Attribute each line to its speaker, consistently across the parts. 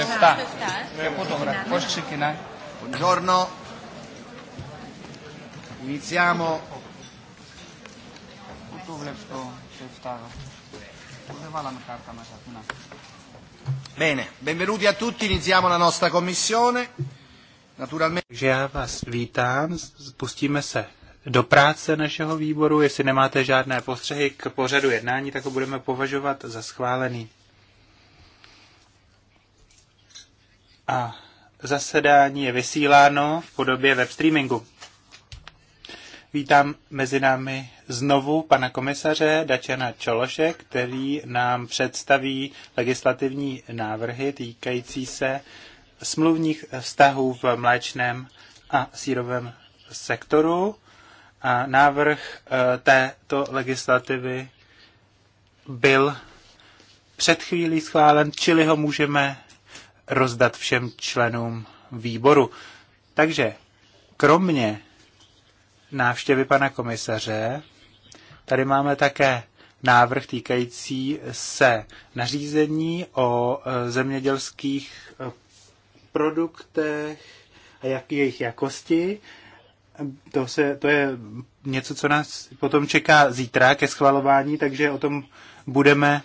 Speaker 1: 7. Και πού το γράφει, ξεκινάει. Buongiorno.
Speaker 2: Iniziamo.
Speaker 3: Πού το βλέπεις το 7. Δεν βάλαμε κάρτα μέσα.
Speaker 2: Bene, benvenuti a tutti, iniziamo la nostra commissione. Naturalmente... Takže Já vás vítám, spustíme se do práce našeho výboru. Jestli nemáte žádné postřehy k pořadu jednání, tak ho budeme považovat za schválený. a zasedání je vysíláno v podobě web streamingu. Vítám mezi námi znovu pana komisaře Dačana Čološe, který nám představí legislativní návrhy týkající se smluvních vztahů v mléčném a sírovém sektoru. A návrh eh, této legislativy byl před chvílí schválen, čili ho můžeme rozdat všem členům výboru. Takže kromě návštěvy pana komisaře, tady máme také návrh týkající se nařízení o e, zemědělských e, produktech a jak jejich jakosti. To, se, to je něco, co nás potom čeká zítra ke schvalování, takže o tom budeme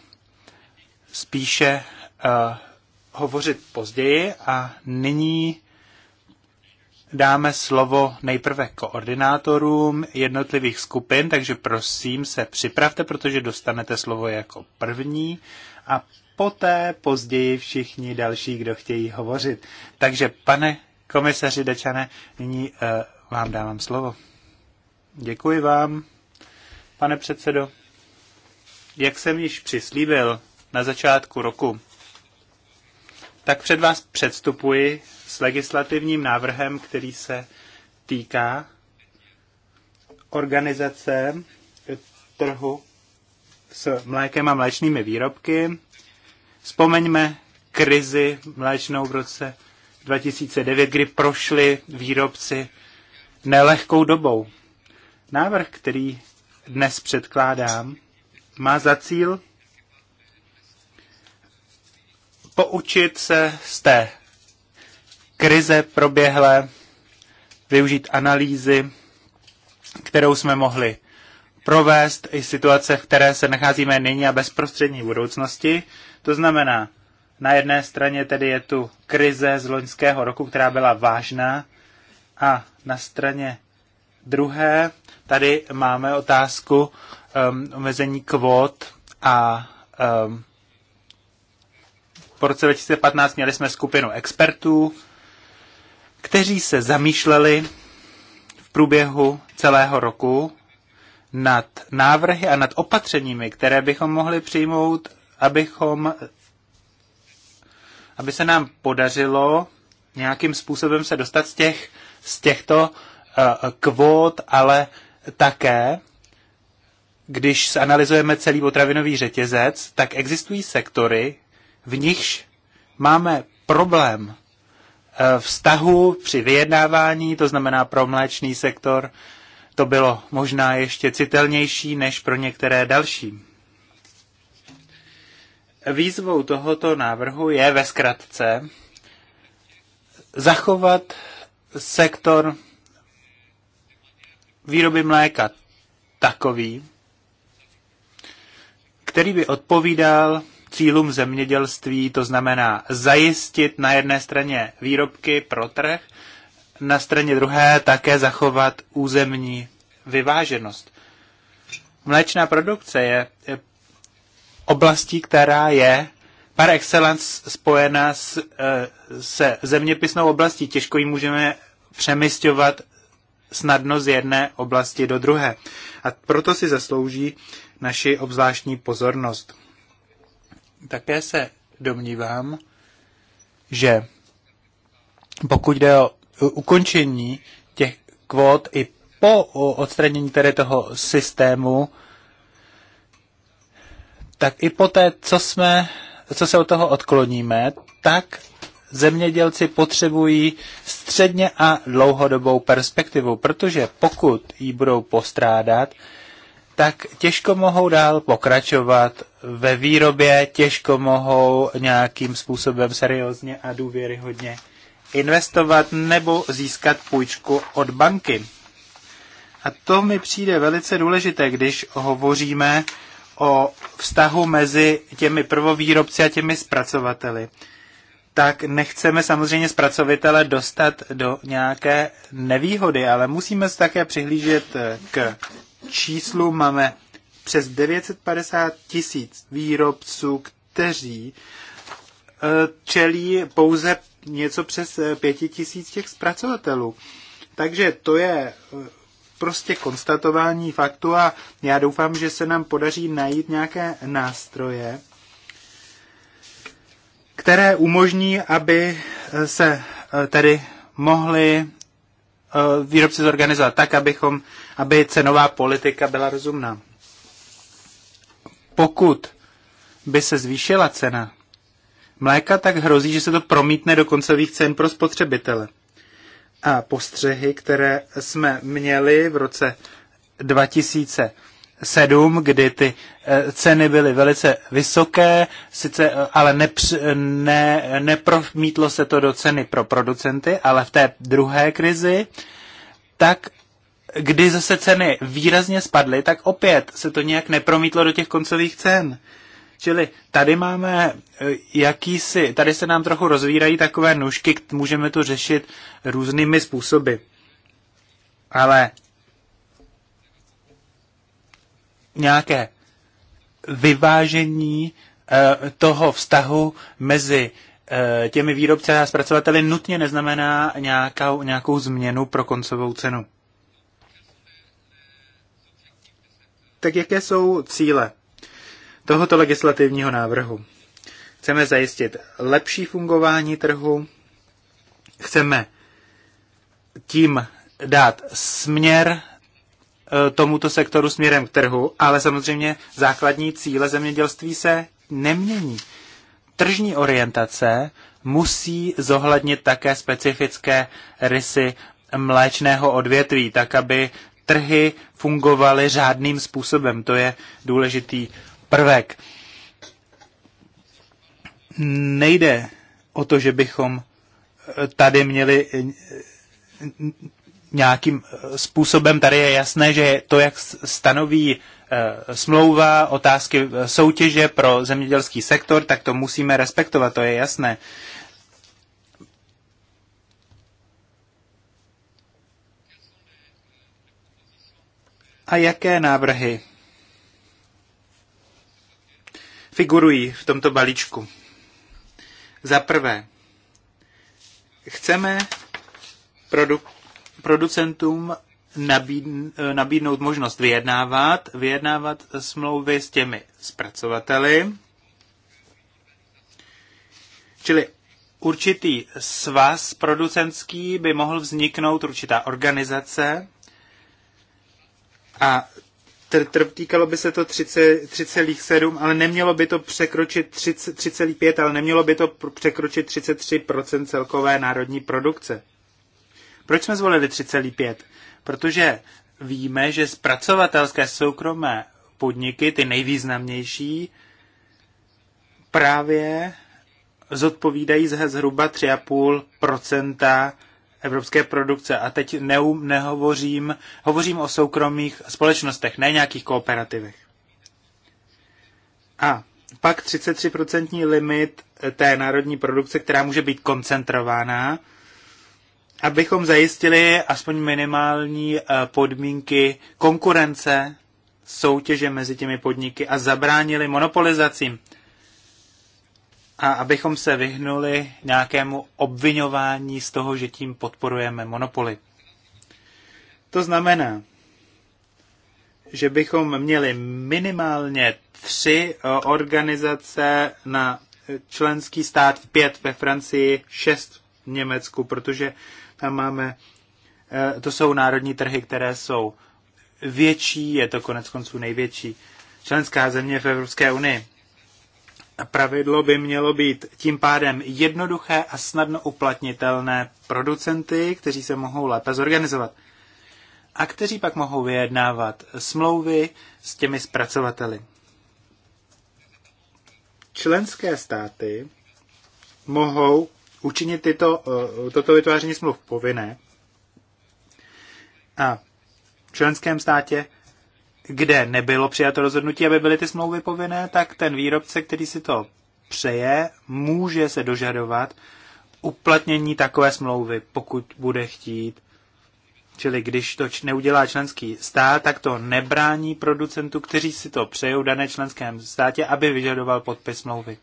Speaker 2: spíše e, hovořit později a nyní dáme slovo nejprve koordinátorům jednotlivých skupin, takže prosím se připravte, protože dostanete slovo jako první a poté později všichni další, kdo chtějí hovořit. Takže pane komisaři Dečane, nyní uh, vám dávám slovo. Děkuji vám, pane předsedo. Jak jsem již přislíbil na začátku roku, tak před vás předstupuji s legislativním návrhem, který se týká organizace trhu s mlékem a mléčnými výrobky. Vzpomeňme krizi mléčnou v roce 2009, kdy prošli výrobci nelehkou dobou. Návrh, který dnes předkládám, má za cíl poučit se z té krize proběhlé, využít analýzy, kterou jsme mohli provést i situace, v které se nacházíme nyní a bezprostřední budoucnosti. To znamená, na jedné straně tedy je tu krize z loňského roku, která byla vážná, a na straně druhé tady máme otázku um, omezení kvót a um, po roce 2015 měli jsme skupinu expertů, kteří se zamýšleli v průběhu celého roku nad návrhy a nad opatřeními, které bychom mohli přijmout, abychom, aby se nám podařilo nějakým způsobem se dostat z, těch, z těchto uh, kvót, ale také, když analyzujeme celý potravinový řetězec, tak existují sektory, v nichž máme problém eh, vztahu při vyjednávání, to znamená pro mléčný sektor, to bylo možná ještě citelnější než pro některé další. Výzvou tohoto návrhu je ve zkratce zachovat sektor výroby mléka takový, který by odpovídal cílům zemědělství, to znamená zajistit na jedné straně výrobky pro trh, na straně druhé také zachovat územní vyváženost. Mléčná produkce je oblastí, která je par excellence spojená s, e, se zeměpisnou oblastí. Těžko ji můžeme přemysťovat snadno z jedné oblasti do druhé. A proto si zaslouží naši obzvláštní pozornost. Také se domnívám, že pokud jde o ukončení těch kvót i po odstranění tedy toho systému, tak i poté, co, jsme, co se od toho odkloníme, tak zemědělci potřebují středně a dlouhodobou perspektivu, protože pokud ji budou postrádat, tak těžko mohou dál pokračovat ve výrobě, těžko mohou nějakým způsobem seriózně a důvěryhodně investovat nebo získat půjčku od banky. A to mi přijde velice důležité, když hovoříme o vztahu mezi těmi prvovýrobci a těmi zpracovateli. Tak nechceme samozřejmě zpracovitele dostat do nějaké nevýhody, ale musíme se také přihlížet k číslu máme přes 950 tisíc výrobců, kteří eh, čelí pouze něco přes 5 eh, tisíc těch zpracovatelů. Takže to je eh, prostě konstatování faktu a já doufám, že se nám podaří najít nějaké nástroje, které umožní, aby se tady mohli výrobci zorganizovat tak, abychom aby cenová politika byla rozumná. Pokud by se zvýšila cena mléka, tak hrozí, že se to promítne do koncových cen pro spotřebitele. A postřehy, které jsme měli v roce 2000, Sedm, kdy ty eh, ceny byly velice vysoké, sice, eh, ale nepř, ne, nepromítlo se to do ceny pro producenty, ale v té druhé krizi, tak kdy zase ceny výrazně spadly, tak opět se to nějak nepromítlo do těch koncových cen. Čili tady máme eh, jakýsi, tady se nám trochu rozvírají takové nůžky, můžeme to řešit různými způsoby. Ale nějaké vyvážení eh, toho vztahu mezi eh, těmi výrobci a zpracovateli nutně neznamená nějakou, nějakou změnu pro koncovou cenu. Tak jaké jsou cíle tohoto legislativního návrhu? Chceme zajistit lepší fungování trhu, chceme tím dát směr e, tomuto sektoru směrem k trhu, ale samozřejmě základní cíle zemědělství se nemění. Tržní orientace musí zohlednit také specifické rysy mléčného odvětví, tak aby trhy fungovaly řádným způsobem. To je důležitý prvek. Nejde o to, že bychom eh, tady měli eh, nějakým eh, způsobem, tady je jasné, že to, jak stanoví smlouva, otázky soutěže pro zemědělský sektor, tak to musíme respektovat, to je jasné. a jaké návrhy figurují v tomto balíčku. Za prvé, chceme produ- producentům nabíd- nabídnout možnost vyjednávat, vyjednávat smlouvy s těmi zpracovateli, čili určitý svaz producentský by mohl vzniknout určitá organizace, a tr- tr- týkalo by se to 3,7, ale nemělo by to překročit 3,5, ale nemělo by to překročit 33% celkové národní produkce. Proč jsme zvolili 3,5? Protože víme, že zpracovatelské soukromé podniky, ty nejvýznamnější, právě zodpovídají zhruba 3,5 evropské produkce. A teď neum, nehovořím, hovořím o soukromých společnostech, ne nějakých kooperativech. A pak 33% limit eh, té národní produkce, která může být koncentrována, abychom zajistili aspoň minimální eh, podmínky konkurence, soutěže mezi těmi podniky a zabránili monopolizacím a abychom se vyhnuli nějakému obvinování z toho, že tím podporujeme monopoly. To znamená, že bychom měli minimálně tři eh, organizace na eh, členský stát, pět ve Francii, šest v Německu, protože tam máme, eh, to jsou národní trhy, které jsou větší, je to konec konců největší členská země v Evropské unii pravidlo by mělo být tím pádem jednoduché a snadno uplatnitelné producenty, kteří se mohou lépe zorganizovat a kteří pak mohou vyjednávat smlouvy s těmi zpracovateli. Členské státy mohou učinit tyto, eh, toto vytváření smluv povinné a v členském státě kde nebylo přijato rozhodnutí, aby byly ty smlouvy povinné, tak ten výrobce, který si to přeje, může se dožadovat uplatnění takové smlouvy, pokud bude chtít. Čili když to neudělá členský stát, tak to nebrání producentu, kteří si to přejou v dané členském státě, aby vyžadoval podpis smlouvy.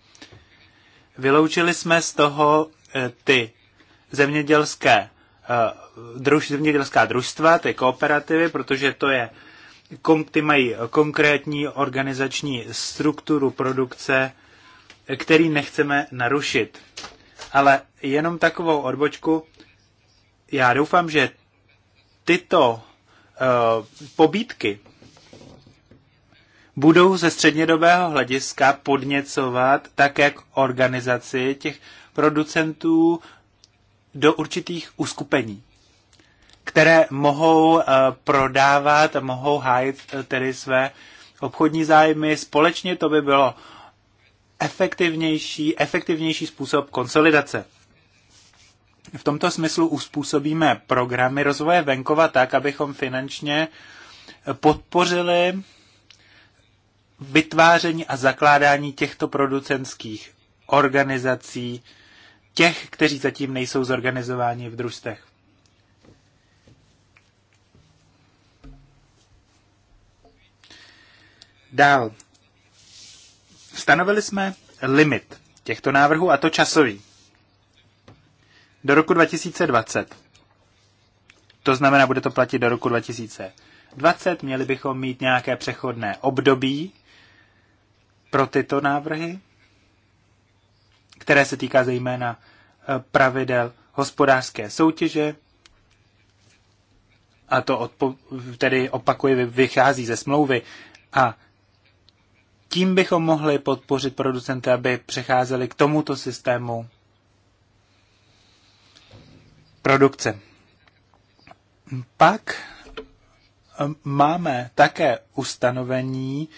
Speaker 2: Vyloučili jsme z toho eh, ty zemědělské, eh, druž, zemědělská družstva, ty kooperativy, protože to je kom, ty mají konkrétní organizační strukturu produkce, který nechceme narušit. Ale jenom takovou odbočku, já doufám, že tyto uh, pobídky budou ze střednědobého hlediska podněcovat také jak organizaci těch producentů do určitých uskupení které mohou eh, prodávat, mohou hájit eh, tedy své obchodní zájmy. Společně to by bylo efektivnější, efektivnější způsob konsolidace. V tomto smyslu uspůsobíme programy rozvoje venkova tak, abychom finančně podpořili vytváření a zakládání těchto producentských organizací, těch, kteří zatím nejsou zorganizováni v družstech. Dál. Stanovili jsme limit těchto návrhů, a to časový. Do roku 2020. To znamená, bude to platit do roku 2020. Měli bychom mít nějaké přechodné období pro tyto návrhy, které se týká zejména e, pravidel hospodářské soutěže, a to odpo- tedy opakuje, vychází ze smlouvy, a tím bychom mohli podpořit producenty, aby přecházeli k tomuto systému produkce. Pak ehm, máme také ustanovení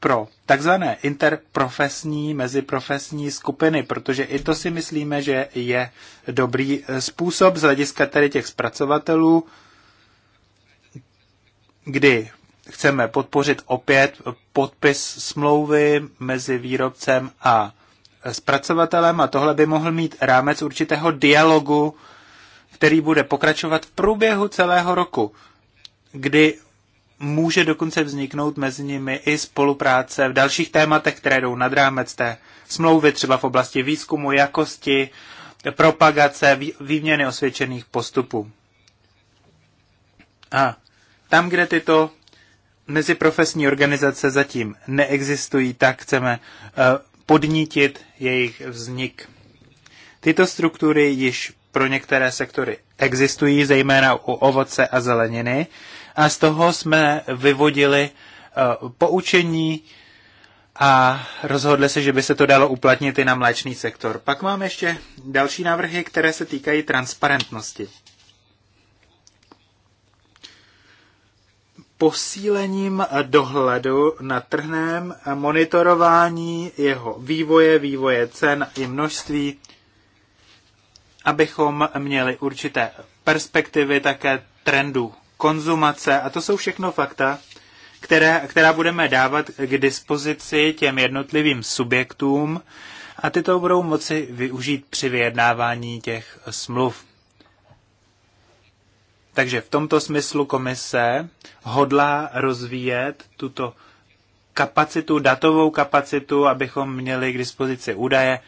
Speaker 2: pro takzvané interprofesní, meziprofesní skupiny, protože i to si myslíme, že je dobrý eh, způsob z hlediska tedy těch zpracovatelů, kdy chceme podpořit opět podpis smlouvy mezi výrobcem a zpracovatelem a tohle by mohl mít rámec určitého dialogu, který bude pokračovat v průběhu celého roku, kdy může dokonce vzniknout mezi nimi i spolupráce v dalších tématech, které jdou nad rámec té smlouvy, třeba v oblasti výzkumu, jakosti, propagace, výměny osvědčených postupů. A tam, kde tyto meziprofesní organizace zatím neexistují, tak chceme eh, podnítit jejich vznik. Tyto struktury již pro některé sektory existují, zejména u ovoce a zeleniny, a z toho jsme vyvodili eh, poučení a rozhodli se, že by se to dalo uplatnit i na mléčný sektor. Pak mám ještě další návrhy, které se týkají transparentnosti. posílením dohledu na trhném monitorování jeho vývoje, vývoje cen i množství, abychom měli určité perspektivy také trendu konzumace. A to jsou všechno fakta, které, která budeme dávat k dispozici těm jednotlivým subjektům a tyto budou moci využít při vyjednávání těch smluv. Takže v tomto smyslu komise hodlá rozvíjet tuto kapacitu, datovou kapacitu, abychom měli k dispozici údaje,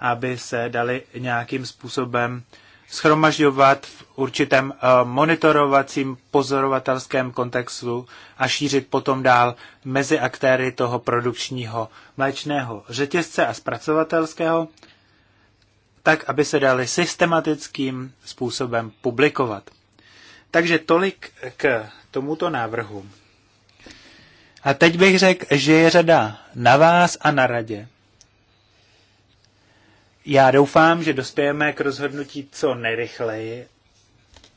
Speaker 2: aby se dali nějakým způsobem schromažďovat v určitém eh, monitorovacím pozorovatelském kontextu a šířit potom dál mezi aktéry toho produkčního mléčného řetězce a zpracovatelského, tak aby se dali systematickým způsobem publikovat. Takže tolik k tomuto návrhu. A teď bych řekl, že je řada na vás a na radě. Já doufám, že dospějeme k rozhodnutí co nejrychleji,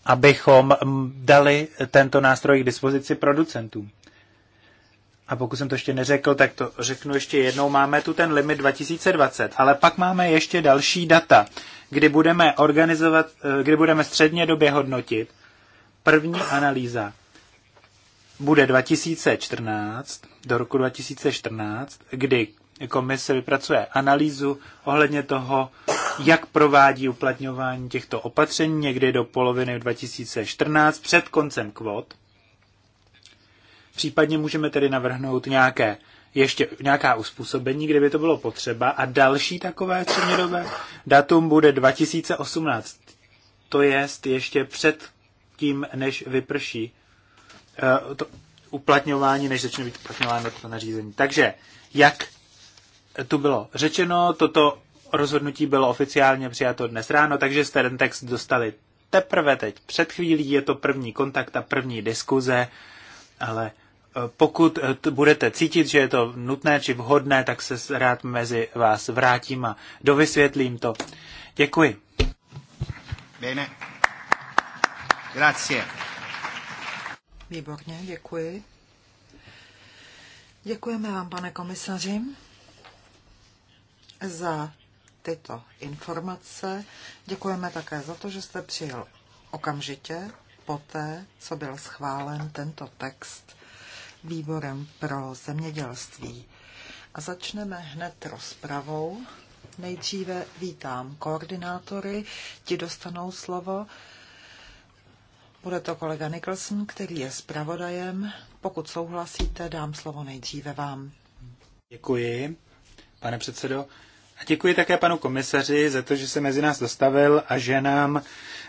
Speaker 2: abychom dali tento nástroj k dispozici producentům. A pokud jsem to ještě neřekl, tak to řeknu ještě jednou. Máme tu ten limit 2020, ale pak máme ještě další data, kdy budeme organizovat, eh, kdy budeme středně době hodnotit, první analýza bude 2014, do roku 2014, kdy komise vypracuje analýzu ohledně toho, jak provádí uplatňování těchto opatření někdy do poloviny 2014 před koncem kvot. Případně můžeme tedy navrhnout nějaké ještě nějaká uspůsobení, kdyby to bylo potřeba. A další takové střednědobé datum bude 2018, to jest ještě před předtím, než vyprší eh, to uplatňování, než začne být uplatňováno to nařízení. Takže, jak tu bylo řečeno, toto rozhodnutí bylo oficiálně přijato dnes ráno, takže jste ten text dostali teprve teď před chvílí, je to první kontakt a první diskuze, ale eh, pokud budete cítit, že je to nutné či vhodné, tak se rád mezi vás vrátím a dovysvětlím to. Děkuji. Bene. Grazie.
Speaker 3: Výborně, děkuji. Děkujeme vám, pane komisaři, za tyto informace. Děkujeme také za to, že jste přijel okamžitě poté, co byl schválen tento text výborem pro zemědělství. A začneme hned rozpravou. Nejdříve vítám koordinátory, ti dostanou slovo. Bude to kolega Nicholson, který je zpravodajem. Pokud souhlasíte, dám slovo nejdříve vám.
Speaker 2: Děkuji, pane předsedo. A děkuji také panu komisaři za to, že se mezi nás dostavil a že nám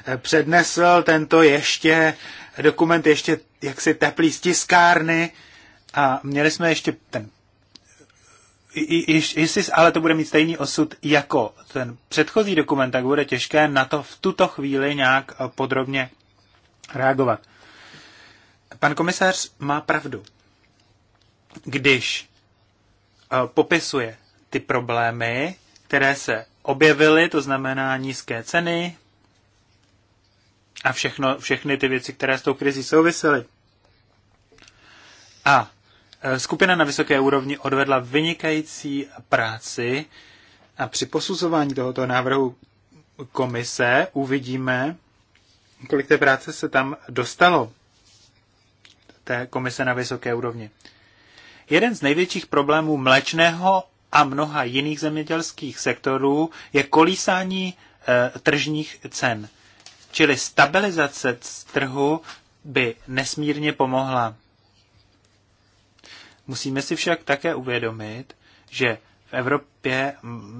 Speaker 2: eh, přednesl tento ještě eh, dokument, ještě jaksi teplý z tiskárny. A měli jsme ještě ten I jestli ale to bude mít stejný osud jako ten předchozí dokument, tak bude těžké na to v tuto chvíli nějak eh, podrobně reagovat. Pan komisař má pravdu, když eh, popisuje ty problémy, které se objevily, to znamená nízké ceny a všechno, všechny ty věci, které s tou krizí souvisely. A eh, skupina na vysoké úrovni odvedla vynikající práci a při posuzování tohoto návrhu komise uvidíme, kolik té práce se tam dostalo, té komise na vysoké úrovni. Jeden z největších problémů mlečného a mnoha jiných zemědělských sektorů je kolísání e, tržních cen. Čili stabilizace trhu by nesmírně pomohla. Musíme si však také uvědomit, že v Evropě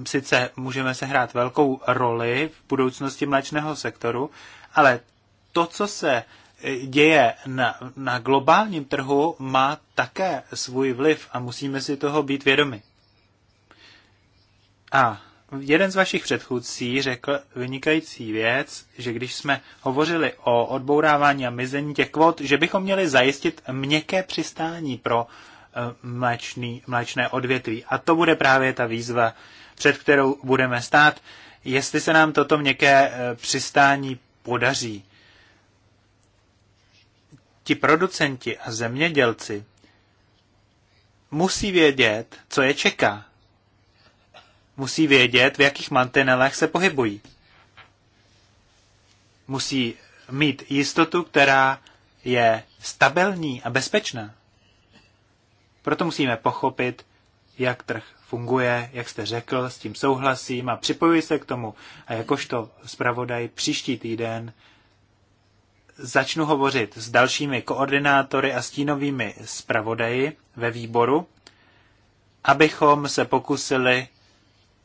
Speaker 2: sice můžeme sehrát velkou roli v budoucnosti mléčného sektoru, ale to, co se e, děje na, na globálním trhu, má také svůj vliv a musíme si toho být vědomi. A jeden z vašich předchůdcí řekl vynikající věc, že když jsme hovořili o odbourávání a mizení těch kvot, že bychom měli zajistit měkké přistání pro e, mléčný, mléčné odvětví. A to bude právě ta výzva, před kterou budeme stát, jestli se nám toto měkké e, přistání podaří ti producenti a zemědělci musí vědět, co je čeká. Musí vědět, v jakých mantinelech se pohybují. Musí mít jistotu, která je stabilní a bezpečná. Proto musíme pochopit, jak trh funguje, jak jste řekl, s tím souhlasím a připojuji se k tomu. A jakožto zpravodaj příští týden začnu hovořit s dalšími koordinátory a stínovými zpravodaji ve výboru, abychom se pokusili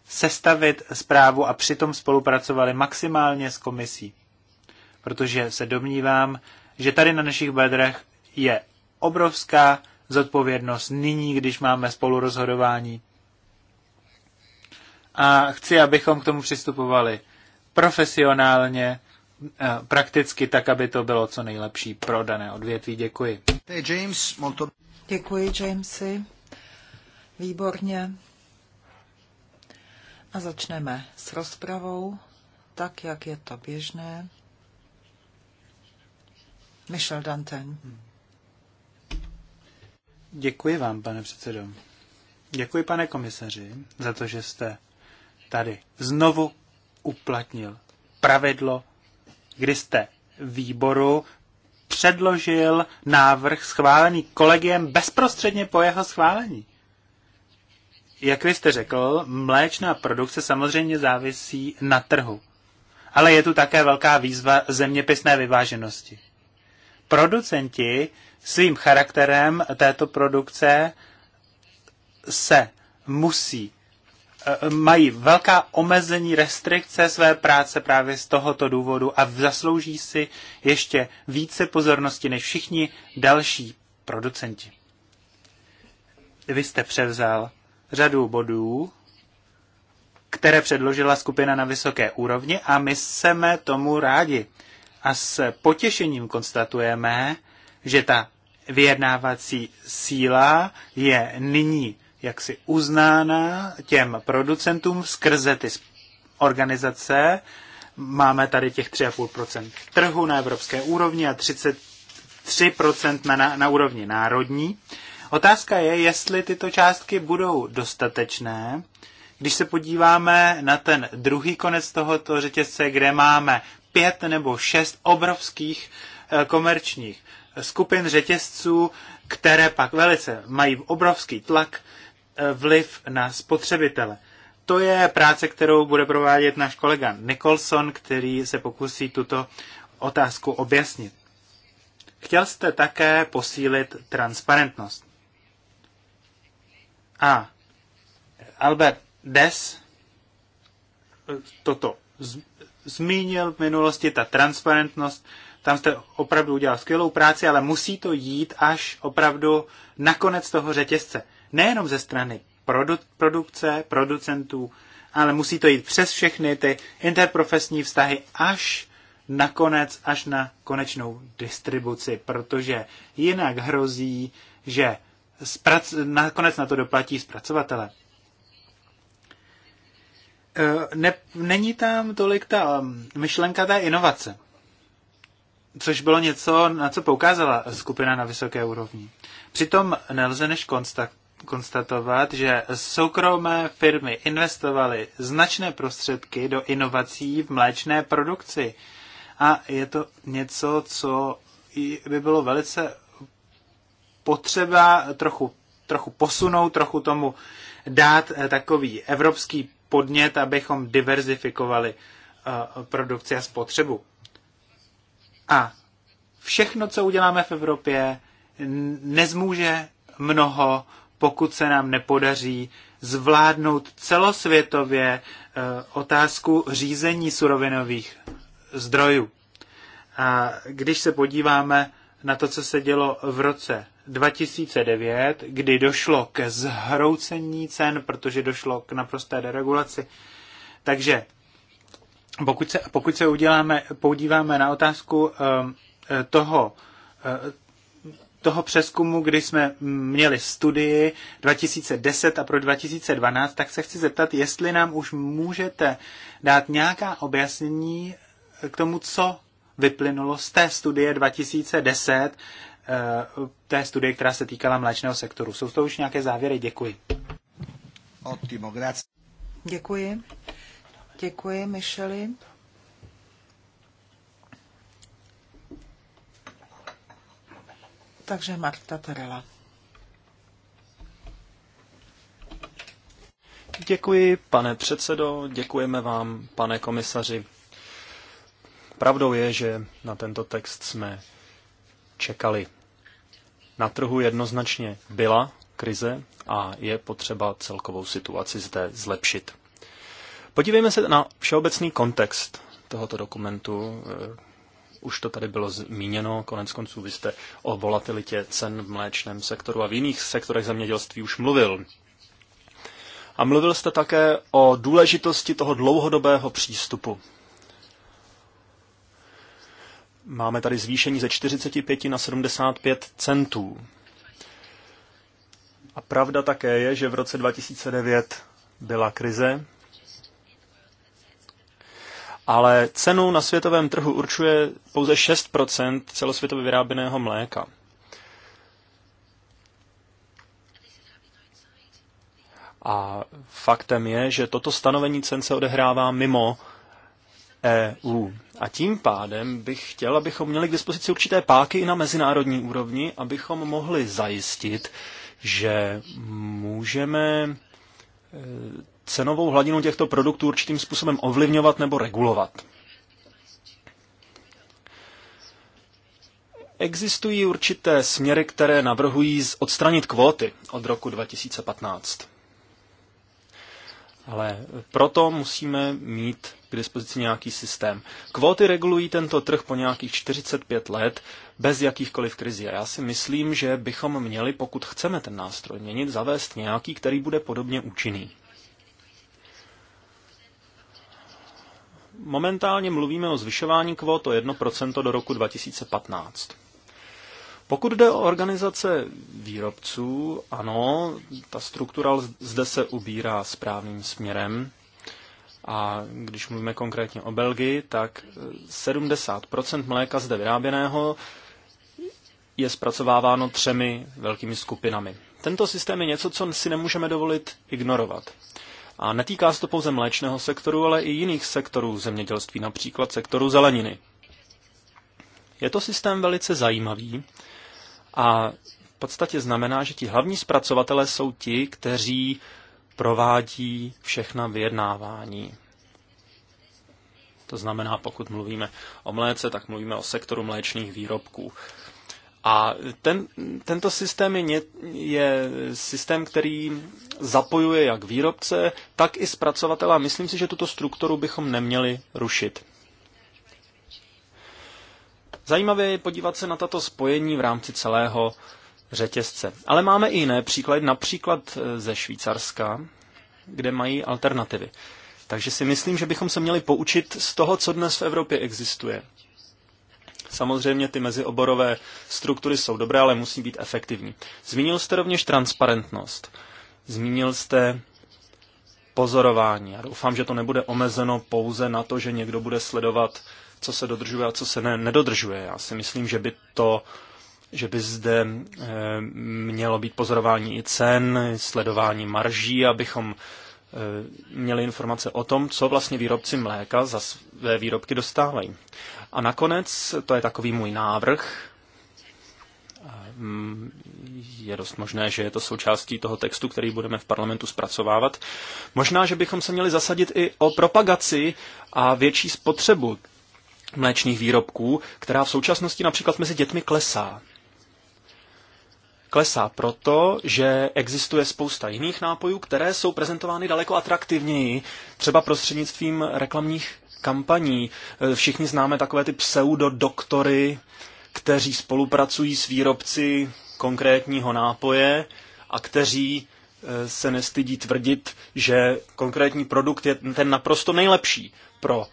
Speaker 2: sestavit zprávu a přitom spolupracovali maximálně s komisí. Protože se domnívám, že tady na našich bedrech je obrovská zodpovědnost nyní, když máme spolurozhodování. A chci, abychom k tomu přistupovali profesionálně, Eh, prakticky tak, aby to bylo co nejlepší pro dané odvětví. Děkuji.
Speaker 3: James, Děkuji, Jamesy. Výborně. A začneme s rozpravou, tak jak je to běžné. Michel Danten.
Speaker 2: Děkuji vám, pane předsedo. Děkuji, pane komisaři, za to, že jste tady znovu uplatnil pravidlo kdy jste výboru předložil návrh schválený kolegiem bezprostředně po jeho schválení. Jak vy jste řekl, mléčná produkce samozřejmě závisí na trhu. Ale je tu také velká výzva zeměpisné vyváženosti. Producenti svým charakterem této produkce se musí Eh, mají velká omezení, restrikce své práce právě z tohoto důvodu a zaslouží si ještě více pozornosti než všichni další producenti. Vy jste převzal řadu bodů, které předložila skupina na vysoké úrovni a my jsme tomu rádi. A s potěšením konstatujeme, že ta vyjednávací síla je nyní jaksi uznána těm producentům skrze ty organizace. Máme tady těch 3,5% trhu na evropské úrovni a 33% na, na, na úrovni národní. Otázka je, jestli tyto částky budou dostatečné. Když se podíváme na ten druhý konec tohoto řetězce, kde máme pět nebo šest obrovských eh, komerčních skupin řetězců, které pak velice mají obrovský tlak vliv na spotřebitele. To je práce, kterou bude provádět náš kolega Nicholson, který se pokusí tuto otázku objasnit. Chtěl jste také posílit transparentnost. A Albert Des toto zmínil v minulosti, ta transparentnost, tam jste opravdu udělal skvělou práci, ale musí to jít až opravdu na konec toho řetězce nejenom ze strany produ- produkce, producentů, ale musí to jít přes všechny ty interprofesní vztahy až nakonec, až na konečnou distribuci, protože jinak hrozí, že zprac- nakonec na to doplatí zpracovatele. E, ne, není tam tolik ta um, myšlenka té inovace, což bylo něco, na co poukázala skupina na vysoké úrovni. Přitom nelze než konstat, konstatovat, že soukromé firmy investovaly značné prostředky do inovací v mléčné produkci. A je to něco, co by bylo velice potřeba trochu, trochu posunout, trochu tomu dát eh, takový evropský podnět, abychom diverzifikovali eh, produkci a spotřebu. A všechno, co uděláme v Evropě, nezmůže mnoho pokud se nám nepodaří zvládnout celosvětově eh, otázku řízení surovinových zdrojů. A když se podíváme na to, co se dělo v roce 2009, kdy došlo ke zhroucení cen, protože došlo k naprosté deregulaci. Takže pokud se, pokud se uděláme, podíváme na otázku eh, eh, toho, toho přeskumu, kdy jsme měli studii 2010 a pro 2012, tak se chci zeptat, jestli nám už můžete dát nějaká objasnění k tomu, co vyplynulo z té studie 2010, eh, té studie, která se týkala mléčného sektoru. Jsou to už nějaké závěry? Děkuji.
Speaker 3: Ottimo, grazie. Děkuji. Děkuji, Micheli. Takže Marta Terela.
Speaker 1: Děkuji, pane předsedo, děkujeme vám, pane komisaři. Pravdou je, že na tento text jsme čekali. Na trhu jednoznačně byla krize a je potřeba celkovou situaci zde zlepšit. Podívejme se na všeobecný kontext tohoto dokumentu, eh, už to tady bylo zmíněno, konec konců vy jste o volatilitě cen v mléčném sektoru a v jiných sektorech zemědělství už mluvil. A mluvil jste také o důležitosti toho dlouhodobého přístupu. Máme tady zvýšení ze 45 na 75 centů. A pravda také je, že v roce 2009 byla krize, ale cenu na světovém trhu určuje pouze 6 celosvětově vyráběného mléka. A faktem je, že toto stanovení cen se odehrává mimo EU. A tím pádem bych chtěl, abychom měli k dispozici určité páky i na mezinárodní úrovni, abychom mohli zajistit, že můžeme eh, cenovou hladinu těchto produktů určitým způsobem ovlivňovat nebo regulovat. Existují určité směry, které navrhují odstranit kvóty od roku 2015. Ale proto musíme mít k dispozici nějaký systém. Kvóty regulují tento trh po nějakých 45 let bez jakýchkoliv krizí. A já si myslím, že bychom měli, pokud chceme ten nástroj měnit, zavést nějaký, který bude podobně účinný. Momentálně mluvíme o zvyšování kvót o 1% do roku 2015. Pokud jde o organizace výrobců, ano, ta struktura zde se ubírá správným směrem. A když mluvíme konkrétně o Belgii, tak 70% eh, mléka zde vyráběného je zpracováváno třemi velkými skupinami. Tento systém je něco, co si nemůžeme dovolit ignorovat. A netýká se to pouze mléčného sektoru, ale i jiných sektorů zemědělství, například sektoru zeleniny. Je to systém velice zajímavý a v podstatě znamená, že ti hlavní zpracovatele jsou ti, kteří provádí všechna vyjednávání. To znamená, pokud mluvíme o mléce, tak mluvíme o sektoru mléčných výrobků. A ten, tento systém je, ně, je systém, který zapojuje jak výrobce, tak i zpracovatele a myslím si, že tuto strukturu bychom neměli rušit. Zajímavé je podívat se na tato spojení v rámci celého řetězce. Ale máme i jiné příklady, například e, ze Švýcarska, kde mají alternativy. Takže si myslím, že bychom se měli poučit z toho, co dnes v Evropě existuje. Samozřejmě ty mezioborové struktury jsou dobré, ale musí být efektivní. Zmínil jste rovněž transparentnost. Zmínil jste pozorování. Já doufám, že to nebude omezeno pouze na to, že někdo bude sledovat, co se dodržuje a co se ne, nedodržuje. Já si myslím, že by to že by zde eh, mělo být pozorování i cen, sledování marží, abychom Eh, měli informace o tom, co vlastně výrobci mléka za své výrobky dostávají. A nakonec, to je takový můj návrh, mm, je dost možné, že je to součástí toho textu, který budeme v parlamentu zpracovávat. Možná, že bychom se měli zasadit i o propagaci a větší spotřebu mléčných výrobků, která v současnosti například mezi dětmi klesá. Klesá proto, že existuje spousta jiných nápojů, které jsou prezentovány daleko atraktivněji, třeba prostřednictvím reklamních kampaní. E, všichni známe takové ty pseudodoktory, kteří spolupracují s výrobci konkrétního nápoje a kteří e, se nestydí tvrdit, že konkrétní produkt je ten naprosto nejlepší pro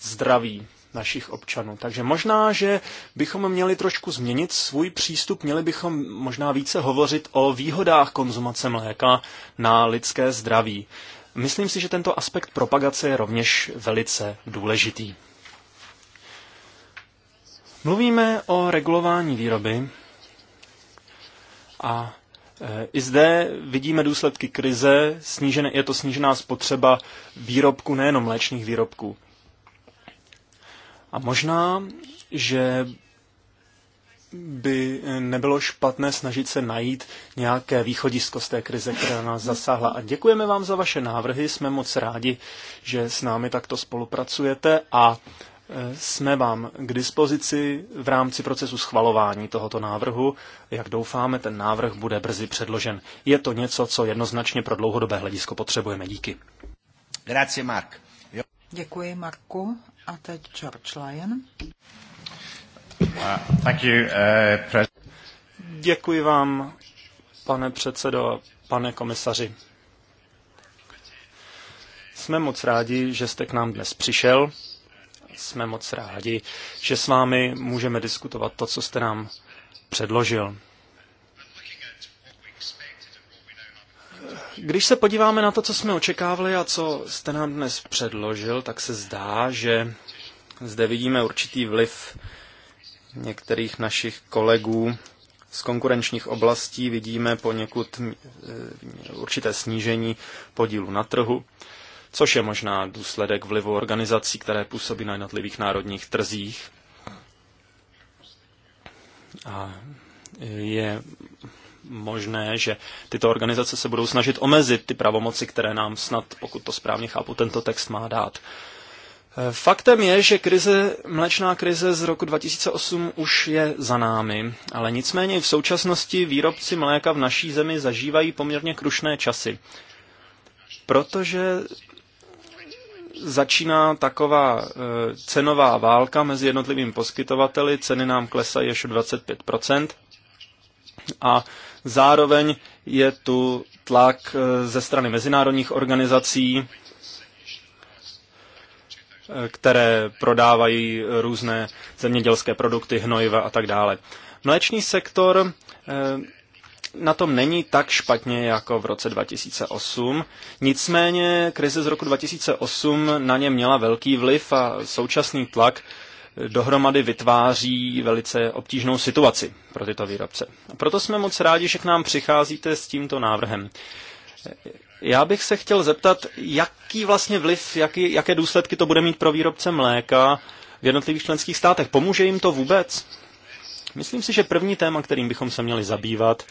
Speaker 1: zdraví našich občanů. Takže možná, že bychom měli trošku změnit svůj přístup, měli bychom možná více hovořit o výhodách konzumace mléka na lidské zdraví. Myslím si, že tento aspekt propagace je rovněž velice důležitý. Mluvíme o regulování výroby a e, i zde vidíme důsledky krize, snížené, je to snížená spotřeba výrobku, nejenom mléčných výrobků. A možná, že by nebylo špatné snažit se najít nějaké východisko z té krize, která nás zasáhla. A děkujeme vám za vaše návrhy, jsme moc rádi, že s námi takto spolupracujete a e, jsme vám k dispozici v rámci procesu schvalování tohoto návrhu. Jak doufáme, ten návrh bude brzy předložen. Je to něco, co jednoznačně pro dlouhodobé hledisko potřebujeme. Díky. Grazie, Mark. Jo.
Speaker 3: Děkuji, Marku. A teď George Lyon.
Speaker 1: Thank you, uh, Děkuji vám, pane předsedo, pane komisaři. Jsme moc rádi, že jste k nám dnes přišel. Jsme moc rádi, že s vámi můžeme diskutovat to, co jste nám předložil. Když se podíváme na to, co jsme očekávali a co jste nám dnes předložil, tak se zdá, že zde vidíme určitý vliv některých našich kolegů z konkurenčních oblastí. Vidíme poněkud e, určité snížení podílu na trhu, což je možná důsledek vlivu organizací, které působí na jednotlivých národních trzích. A je možné, že tyto organizace se budou snažit omezit ty pravomoci, které nám snad, pokud to správně chápu, tento text má dát. Eh, faktem je, že krize, mlečná krize z roku 2008 už je za námi, ale nicméně v současnosti výrobci mléka v naší zemi zažívají poměrně krušné časy, protože začíná taková eh, cenová válka mezi jednotlivými poskytovateli, ceny nám klesají až o 25 a Zároveň je tu tlak eh, ze strany mezinárodních organizací, eh, které prodávají eh, různé zemědělské produkty, hnojiva a tak dále. Mléčný sektor na tom není tak špatně jako v roce 2008. Nicméně krize z roku 2008 na ně měla velký vliv a současný tlak dohromady vytváří velice obtížnou situaci pro tyto výrobce. A proto jsme moc rádi, že k nám přicházíte s tímto návrhem. Já bych se chtěl zeptat, jaký vlastně vliv, jaký, jaké důsledky to bude mít pro výrobce mléka v jednotlivých členských státech. Pomůže jim to vůbec? Myslím si, že první téma, kterým bychom se měli zabývat,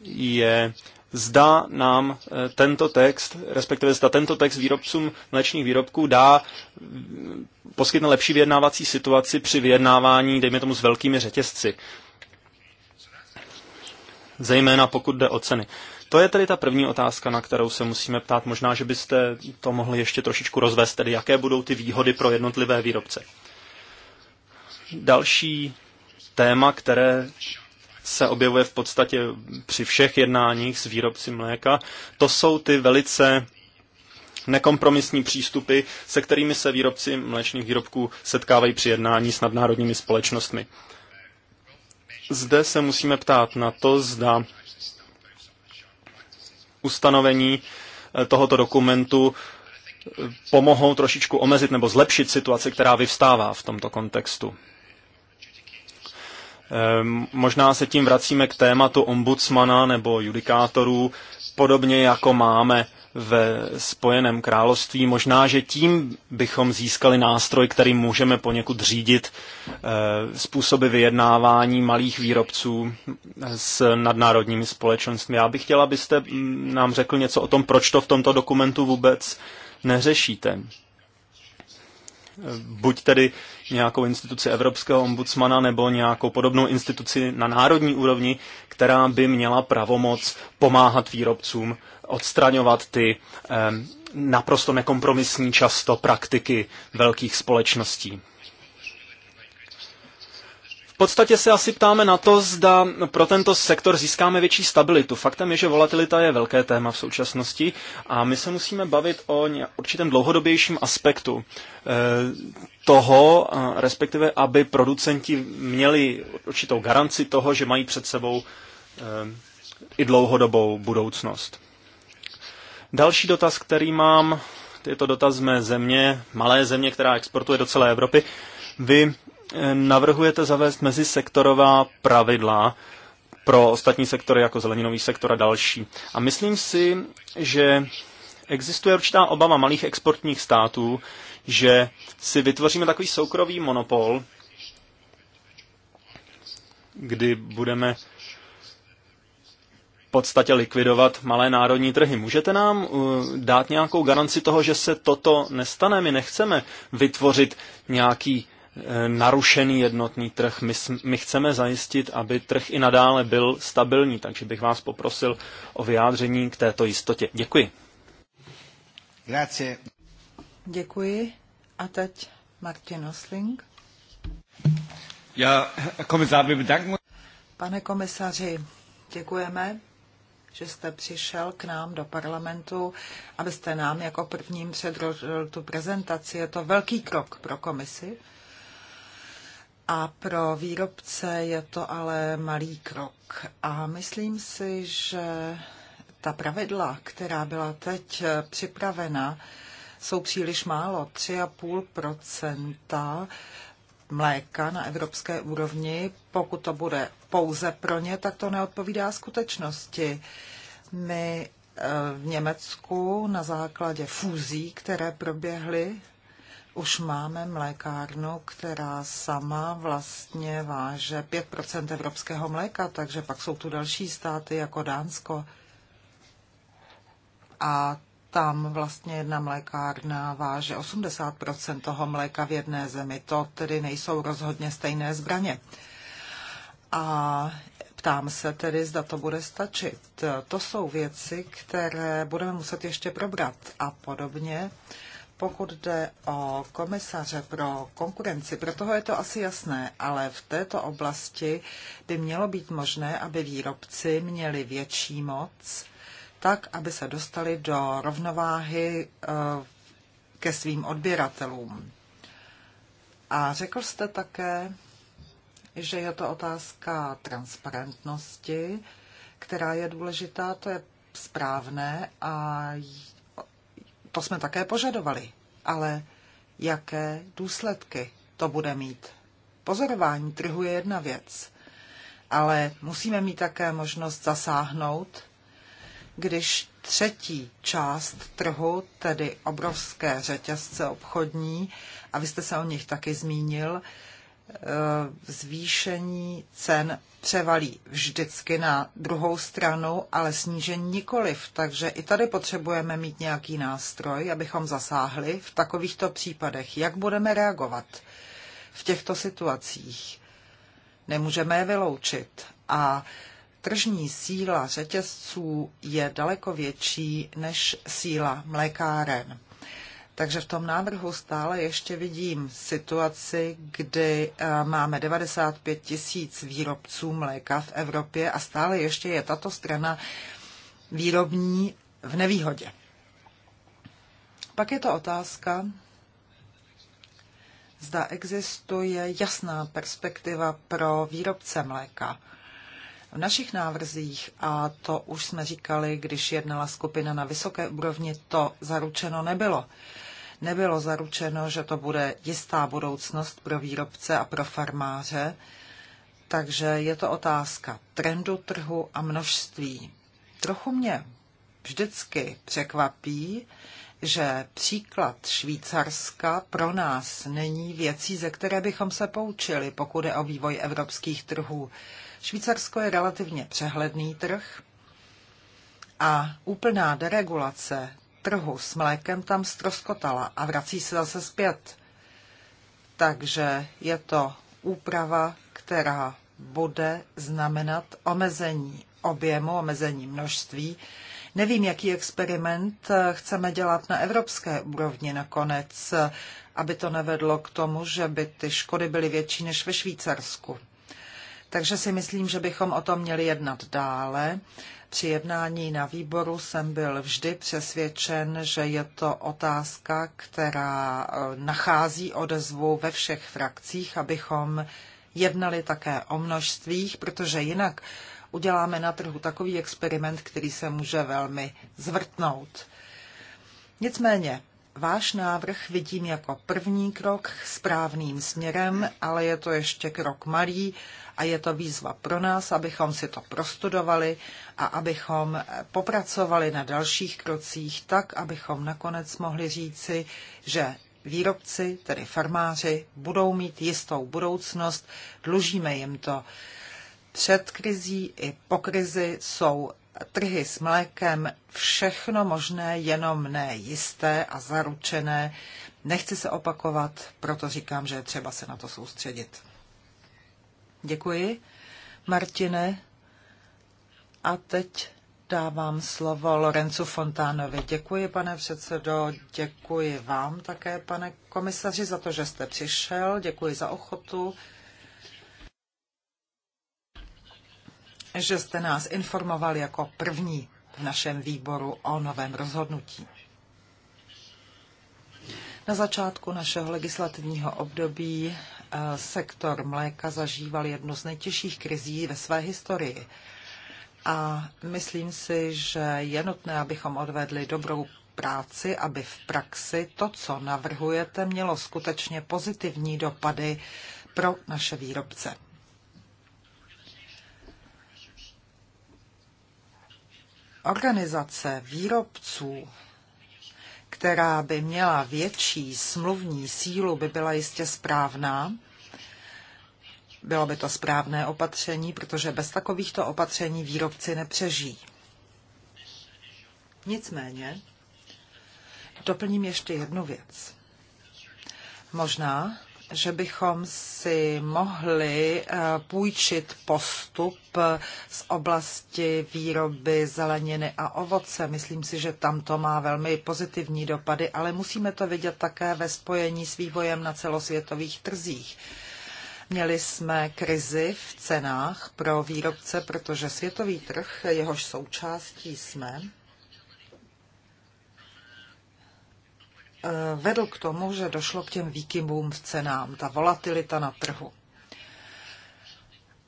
Speaker 1: je zda nám eh, tento text, respektive zda tento text výrobcům mléčných výrobků dá, eh, poskytne lepší vyjednávací situaci při vyjednávání, dejme tomu, s velkými řetězci. Zejména pokud jde o ceny. To je tedy ta první otázka, na kterou se musíme ptát. Možná, že byste to mohli ještě trošičku rozvést, tedy jaké budou ty výhody pro jednotlivé výrobce. Další téma, které se objevuje v podstatě při všech jednáních s výrobci mléka, to jsou ty velice nekompromisní přístupy, se kterými se výrobci mléčných výrobků setkávají při jednání s nadnárodními společnostmi. Zde se musíme ptát na to, zda ustanovení eh, tohoto dokumentu eh, pomohou trošičku omezit nebo zlepšit situaci, která vyvstává v tomto kontextu. Ehm, možná se tím vracíme k tématu ombudsmana nebo judikátorů, podobně jako máme ve Spojeném království. Možná, že tím bychom získali nástroj, který můžeme poněkud řídit eh, způsoby vyjednávání malých výrobců eh, s nadnárodními společnostmi. Já bych chtěla, abyste mm, nám řekl něco o tom, proč to v tomto dokumentu vůbec neřešíte. Eh, buď tedy nějakou instituci Evropského ombudsmana nebo nějakou podobnou instituci na národní úrovni, která by měla pravomoc pomáhat výrobcům odstraňovat ty eh, naprosto nekompromisní často praktiky velkých společností podstatě se asi ptáme na to, zda pro tento sektor získáme větší stabilitu. Faktem je, že volatilita je velké téma v současnosti a my se musíme bavit o určitém dlouhodobějším aspektu eh, toho, respektive aby producenti měli určitou garanci toho, že mají před sebou eh, i dlouhodobou budoucnost. Další dotaz, který mám, je to dotaz z mé země, malé země, která exportuje do celé Evropy. Vy Ehm, navrhujete zavést mezisektorová pravidla pro ostatní sektory, jako zeleninový sektor a další. A myslím si, že existuje určitá obava malých exportních států, že si vytvoříme takový soukromý monopol, kdy budeme v podstatě likvidovat malé národní trhy. Můžete nám uh, dát nějakou garanci toho, že se toto nestane? My nechceme vytvořit nějaký Eh, narušený jednotný trh. My, my chceme zajistit, aby trh i nadále byl stabilní, takže bych vás poprosil o vyjádření k této jistotě. Děkuji.
Speaker 3: Grazie. Děkuji. A teď Martin Osling.
Speaker 1: Já, komisár,
Speaker 3: Pane komisaři, děkujeme, že jste přišel k nám do parlamentu, abyste nám jako prvním předložil tu prezentaci. Je to velký krok pro komisi a pro výrobce je to ale malý krok. A myslím si, že ta pravidla, která byla teď připravena, jsou příliš málo. 3,5 mléka na evropské úrovni, pokud to bude pouze pro ně, tak to neodpovídá skutečnosti. My eh, v Německu na základě fúzí, které proběhly už máme mlékárnu, která sama vlastně váže 5 evropského mléka, takže pak jsou tu další státy jako Dánsko. A tam vlastně jedna mlékárna váže 80 toho mléka v jedné zemi. To tedy nejsou rozhodně stejné zbraně. A ptám se tedy, zda to bude stačit. To jsou věci, které budeme muset ještě probrat. A podobně uh, pokud jde o komisaře pro konkurenci, pro toho je to asi jasné, ale v této oblasti by mělo být možné, aby výrobci měli větší moc, tak, aby se dostali do rovnováhy eh, ke svým odběratelům. A řekl jste také, že je to otázka transparentnosti, která je důležitá, to je správné a to jsme také požadovali, ale jaké důsledky to bude mít? Pozorování trhu je jedna věc, ale musíme mít také možnost zasáhnout, když třetí část trhu, tedy obrovské řetězce obchodní, a vy jste se o nich taky zmínil, Eh, zvýšení cen převalí vždycky na druhou stranu, ale snížení nikoliv. Takže i tady potřebujeme mít nějaký nástroj, abychom zasáhli v takovýchto případech. Jak budeme reagovat v těchto situacích? Nemůžeme je vyloučit. A tržní síla řetězců je daleko větší než síla mlékáren. Takže v tom návrhu stále ještě vidím situaci, kdy eh, máme 95 tisíc výrobců mléka v Evropě a stále ještě je tato strana výrobní v nevýhodě. Pak je to otázka, zda existuje jasná perspektiva pro výrobce mléka v našich návrzích, a to už jsme říkali, když jednala skupina na vysoké úrovni, to zaručeno nebylo. Nebylo zaručeno, že to bude jistá budoucnost pro výrobce a pro farmáře, takže je to otázka trendu trhu a množství. Trochu mě vždycky překvapí, že příklad Švýcarska pro nás není věcí, ze které bychom se poučili, pokud je o vývoj evropských trhů. Švýcarsko je relativně přehledný trh a úplná deregulace trhu s mlékem tam stroskotala a vrací se zase zpět. Takže je to úprava, která bude znamenat omezení objemu, omezení množství. Nevím, jaký experiment chceme dělat na evropské úrovni nakonec, aby to nevedlo k tomu, že by ty škody byly větší než ve Švýcarsku. Takže si myslím, že bychom o tom měli jednat dále. Při jednání na výboru jsem byl vždy přesvědčen, že je to otázka, která eh, nachází odezvu ve všech frakcích, abychom jednali také o množstvích, protože jinak uděláme na trhu takový experiment, který se může velmi zvrtnout. Nicméně, Váš návrh vidím jako první krok správným směrem, ale je to ještě krok malý a je to výzva pro nás, abychom si to prostudovali a abychom popracovali na dalších krocích tak, abychom nakonec mohli říci, že výrobci, tedy farmáři, budou mít jistou budoucnost, dlužíme jim to. Před krizí i po krizi jsou trhy s mlékem, všechno možné, jenom nejisté a zaručené. Nechci se opakovat, proto říkám, že je třeba se na to soustředit. Děkuji, Martine. A teď dávám slovo Lorencu Fontánovi. Děkuji, pane předsedo, děkuji vám také, pane komisaři, za to, že jste přišel, děkuji za ochotu že jste nás informoval jako první v našem výboru o novém rozhodnutí. Na začátku našeho legislativního období eh, sektor mléka zažíval jednu z nejtěžších krizí ve své historii. A myslím si, že je nutné, abychom odvedli dobrou práci, aby v praxi to, co navrhujete, mělo skutečně pozitivní dopady pro naše výrobce. organizace výrobců, která by měla větší smluvní sílu, by byla jistě správná. Bylo by to správné opatření, protože bez takovýchto opatření výrobci nepřežijí. Nicméně, doplním ještě jednu věc. Možná že bychom si mohli eh, půjčit postup eh, z oblasti výroby zeleniny a ovoce. Myslím si, že tam to má velmi pozitivní dopady, ale musíme to vidět také ve spojení s vývojem na celosvětových trzích. Měli jsme krizi v cenách pro výrobce, protože světový trh, jehož součástí jsme, Eh, vedl k tomu, že došlo k těm výkybům v cenám, ta volatilita na trhu.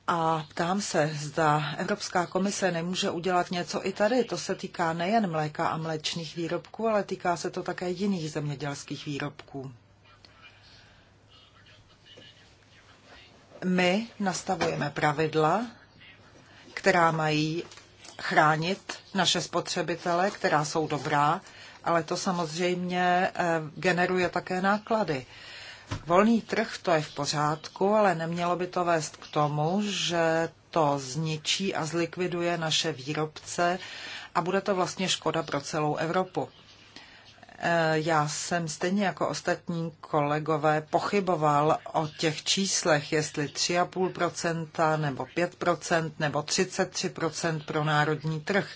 Speaker 3: A ptám se, zda Evropská komise nemůže udělat něco i tady. To se týká nejen mléka a mléčných výrobků, ale týká se to také jiných zemědělských výrobků. My nastavujeme pravidla, která mají chránit naše spotřebitele, která jsou dobrá, ale to samozřejmě eh, generuje také náklady. Volný trh to je v pořádku, ale nemělo by to vést k tomu, že to zničí a zlikviduje naše výrobce a bude to vlastně škoda pro celou Evropu. Eh, já jsem stejně jako ostatní kolegové pochyboval o těch číslech, jestli 3,5% nebo 5% nebo 33% pro národní trh.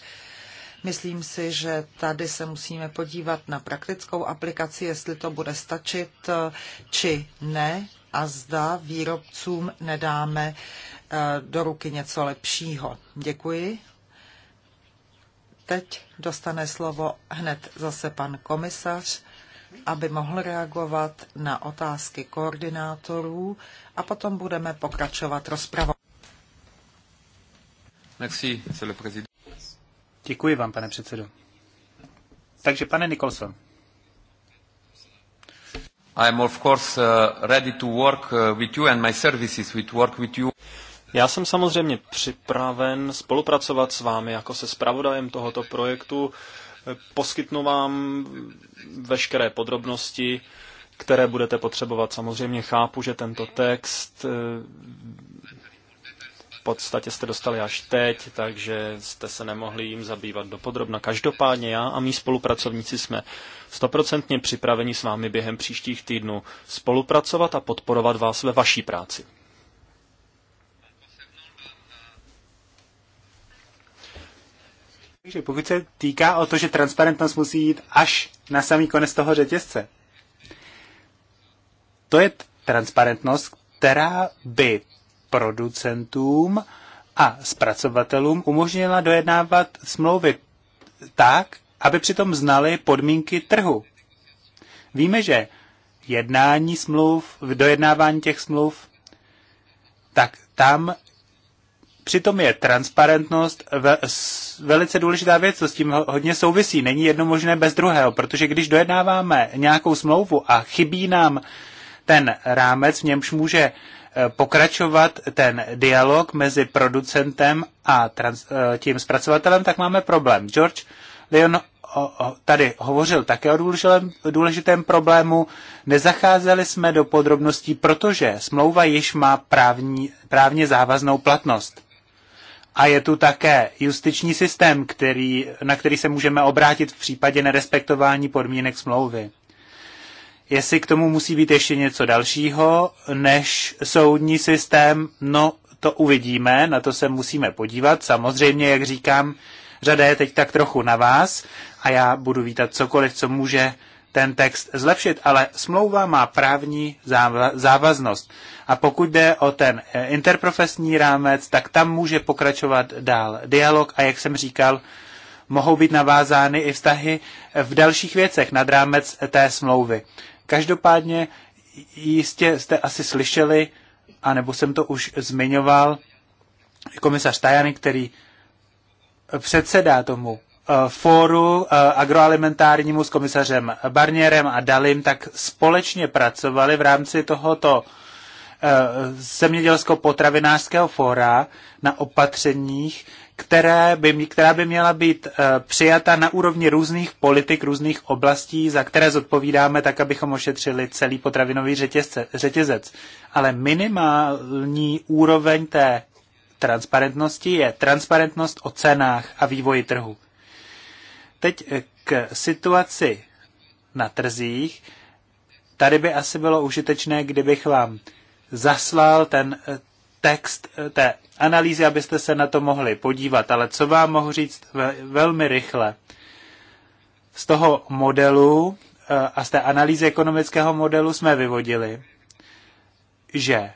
Speaker 3: Myslím si, že tady se musíme podívat na praktickou aplikaci, jestli to bude stačit eh, či ne a zda výrobcům nedáme eh, do ruky něco lepšího. Děkuji. Teď dostane slovo hned zase pan komisař, aby mohl reagovat na otázky koordinátorů a potom budeme pokračovat rozpravou. Merci,
Speaker 2: Děkuji vám, pane předsedo. Takže, pane Nicholson.
Speaker 3: I of
Speaker 1: course uh, ready to work uh, with you and my services with work with you. Já jsem samozřejmě připraven spolupracovat s vámi jako se spravodajem tohoto projektu. Poskytnu vám veškeré podrobnosti, které budete potřebovat. Samozřejmě chápu, že tento text podstatě jste dostali až teď, takže jste se nemohli jim zabývat dopodrobna. Každopádně já a mý spolupracovníci jsme stoprocentně připraveni s vámi během příštích týdnů spolupracovat a podporovat vás ve vaší práci. Takže pokud se týká o to,
Speaker 2: že transparentnost musí jít až na samý konec toho řetězce, to je transparentnost, která by producentům a zpracovatelům umožnila dojednávat smlouvy tak, aby přitom znali podmínky trhu. Víme, že jednání smluv, dojednávání těch smluv, tak tam přitom je transparentnost ve, velice důležitá věc, co s tím hodně souvisí. Není jedno možné bez druhého, protože když dojednáváme nějakou smlouvu a chybí nám ten rámec, v němž může Eh, pokračovat ten dialog mezi producentem a trans, eh, tím zpracovatelem, tak máme problém. George Leon tady hovořil také o důležitém, důležitém problému. Nezacházeli jsme do podrobností, protože smlouva již má právní, právně závaznou platnost. A je tu také justiční systém, který, na který se můžeme obrátit v případě nerespektování podmínek smlouvy. Jestli k tomu musí být ještě něco dalšího než soudní systém, no to uvidíme, na to se musíme podívat. Samozřejmě, jak říkám, řada je teď tak trochu na vás a já budu vítat cokoliv, co může ten text zlepšit, ale smlouva má právní závaznost. A pokud jde o ten eh, interprofesní rámec, tak tam může pokračovat dál dialog a jak jsem říkal, mohou být navázány i vztahy v dalších věcech nad rámec té smlouvy. Každopádně jistě jste asi slyšeli, anebo jsem to už zmiňoval, komisař Tajany, který předsedá tomu eh, fóru eh, agroalimentárnímu s komisařem Barnierem a Dalim, tak společně pracovali v rámci tohoto eh, zemědělsko-potravinářského fóra na opatřeních, které by, která by měla být eh, přijata na úrovni různých politik, různých oblastí, za které zodpovídáme, tak abychom ošetřili celý potravinový řetězce, řetězec. Ale minimální úroveň té transparentnosti je transparentnost o cenách a vývoji trhu. Teď eh, k situaci na trzích. Tady by asi bylo užitečné, kdybych vám zaslal ten eh, text eh, té analýzy, abyste se na to mohli podívat, ale co vám mohu říct velmi rychle. Z toho modelu eh, a z té analýzy ekonomického modelu jsme vyvodili, že eh,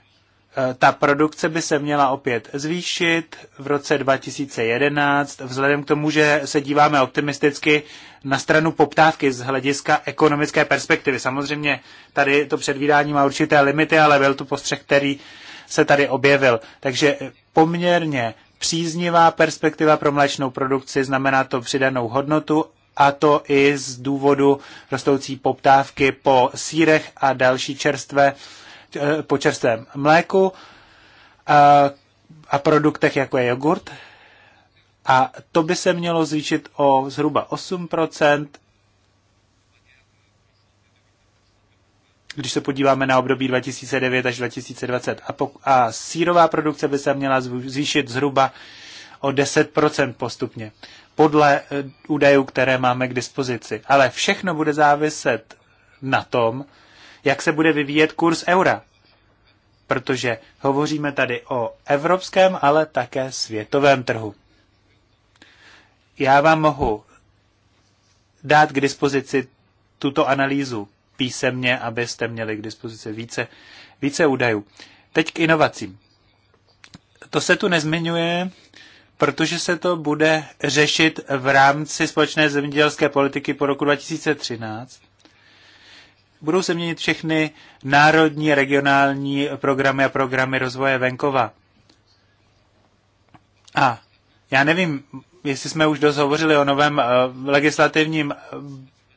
Speaker 2: ta produkce by se měla opět zvýšit v roce 2011, vzhledem k tomu, že se díváme optimisticky na stranu poptávky z hlediska ekonomické perspektivy. Samozřejmě tady to předvídání má určité limity, ale byl to postřeh, který se tady objevil. Takže poměrně příznivá perspektiva pro mléčnou produkci znamená to přidanou hodnotu a to i z důvodu rostoucí poptávky po sírech a další čerstvé, eh, po čerstvém mléku a, a produktech, jako je jogurt. A to by se mělo zvýšit o zhruba 8% když se podíváme na období 2009 až 2020. A, pok- a sírová produkce by se měla zvýšit zhruba o 10% postupně, podle eh, údajů, které máme k dispozici. Ale všechno bude záviset na tom, jak se bude vyvíjet kurz eura. Protože hovoříme tady o evropském, ale také světovém trhu. Já vám mohu dát k dispozici tuto analýzu písemně, abyste měli k dispozici více, více údajů. Teď k inovacím. To se tu nezmiňuje, protože se to bude řešit v rámci společné zemědělské politiky po roku 2013. Budou se měnit všechny národní, regionální programy a programy rozvoje venkova. A já nevím, jestli jsme už dost hovořili o novém eh, legislativním eh,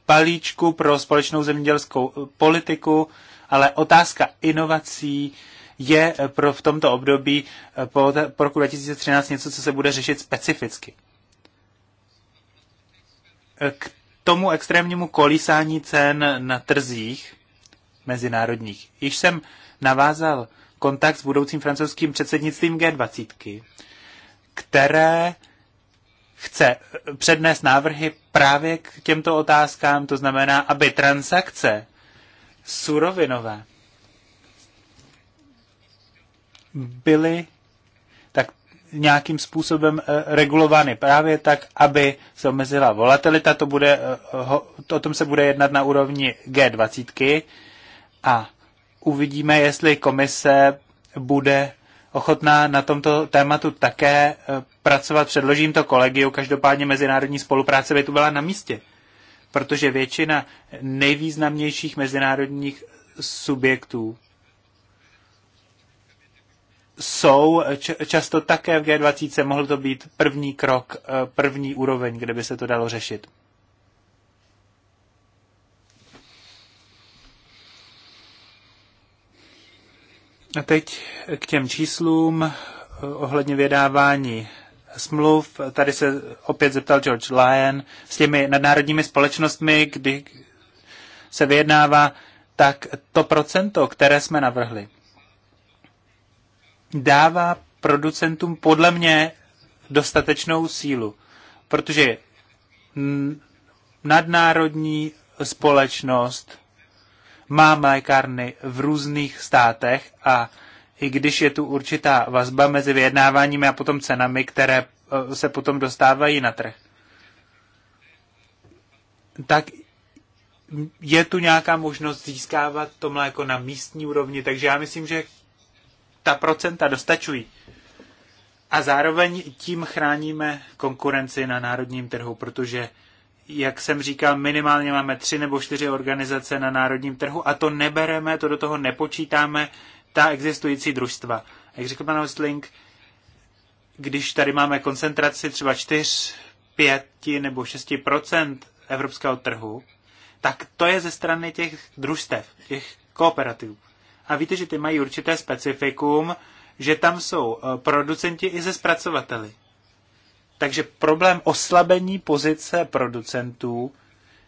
Speaker 2: balíčku pro společnou zemědělskou eh, politiku, ale otázka inovací je eh, pro v tomto období eh, po, po roku 2013 něco, co se bude řešit specificky. K tomu extrémnímu kolísání cen na trzích mezinárodních. Již jsem navázal kontakt s budoucím francouzským předsednictvím G20, které chce přednést návrhy právě k těmto otázkám, to znamená, aby transakce surovinové byly tak nějakým způsobem eh, regulovány právě tak, aby se omezila volatilita, to bude, eh, o tom se bude jednat na úrovni G20 a uvidíme, jestli komise bude ochotná na tomto tématu také e, pracovat. Předložím to kolegiu, každopádně mezinárodní spolupráce by tu byla na místě, protože většina nejvýznamnějších mezinárodních subjektů jsou často také v G20, mohl to být první krok, e, první úroveň, kde by se to dalo řešit. A teď k těm číslům eh, ohledně vydávání smluv. Tady se opět zeptal George Lyon s těmi nadnárodními společnostmi, kdy se vyjednává, tak to procento, které jsme navrhli, dává producentům podle mě dostatečnou sílu, protože nadnárodní společnost má mlékárny v různých státech a i když je tu určitá vazba mezi vyjednáváními a potom cenami, které eh, se potom dostávají na trh, tak je tu nějaká možnost získávat to mléko na místní úrovni, takže já myslím, že ta procenta dostačují. A zároveň tím chráníme konkurenci na národním trhu, protože jak jsem říkal, minimálně máme tři nebo čtyři organizace na národním trhu a to nebereme, to do toho nepočítáme, ta existující družstva. Jak řekl pan Hostling, když tady máme koncentraci třeba 4, 5 nebo 6 evropského trhu, tak to je ze strany těch družstev, těch kooperativů. A víte, že ty mají určité specifikum, že tam jsou eh, producenti i ze zpracovateli. Takže problém oslabení pozice producentů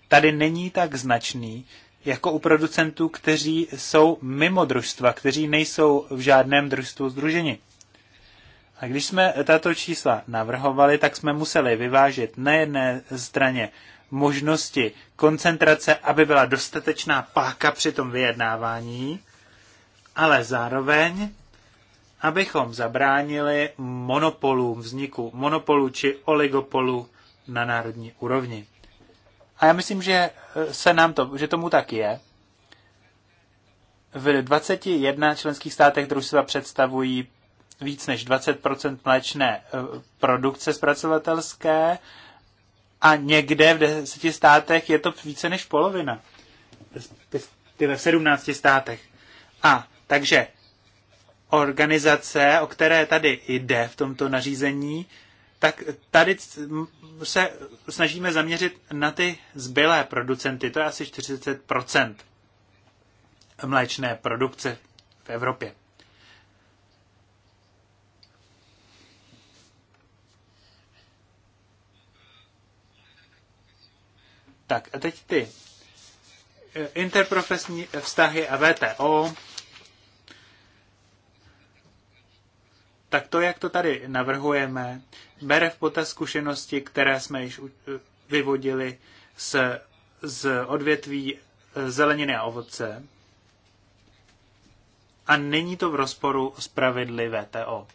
Speaker 2: tady není tak značný, jako u producentů, kteří jsou mimo družstva, kteří nejsou v žádném družstvu združeni. A když jsme tato čísla navrhovali, tak jsme museli vyvážit na jedné straně možnosti koncentrace, aby byla dostatečná páka při tom vyjednávání, ale zároveň abychom zabránili monopolům, vzniku monopolu či oligopolu na národní úrovni. A já myslím, že eh, se nám to, že tomu tak je. V 21 členských státech družstva představují víc než 20 mléčné eh, produkce zpracovatelské a někde v 10 státech je to více než polovina. v 17 státech. A takže organizace, o které tady jde v tomto nařízení, tak tady se snažíme zaměřit na ty zbylé producenty, to je asi 40% mléčné produkce v Evropě. Tak a teď ty eh, interprofesní vztahy a VTO. tak to, jak to tady navrhujeme, bere v potaz zkušenosti, které jsme již vyvodili z, z odvětví eh, zeleniny a ovoce a není to v rozporu s pravidly VTO.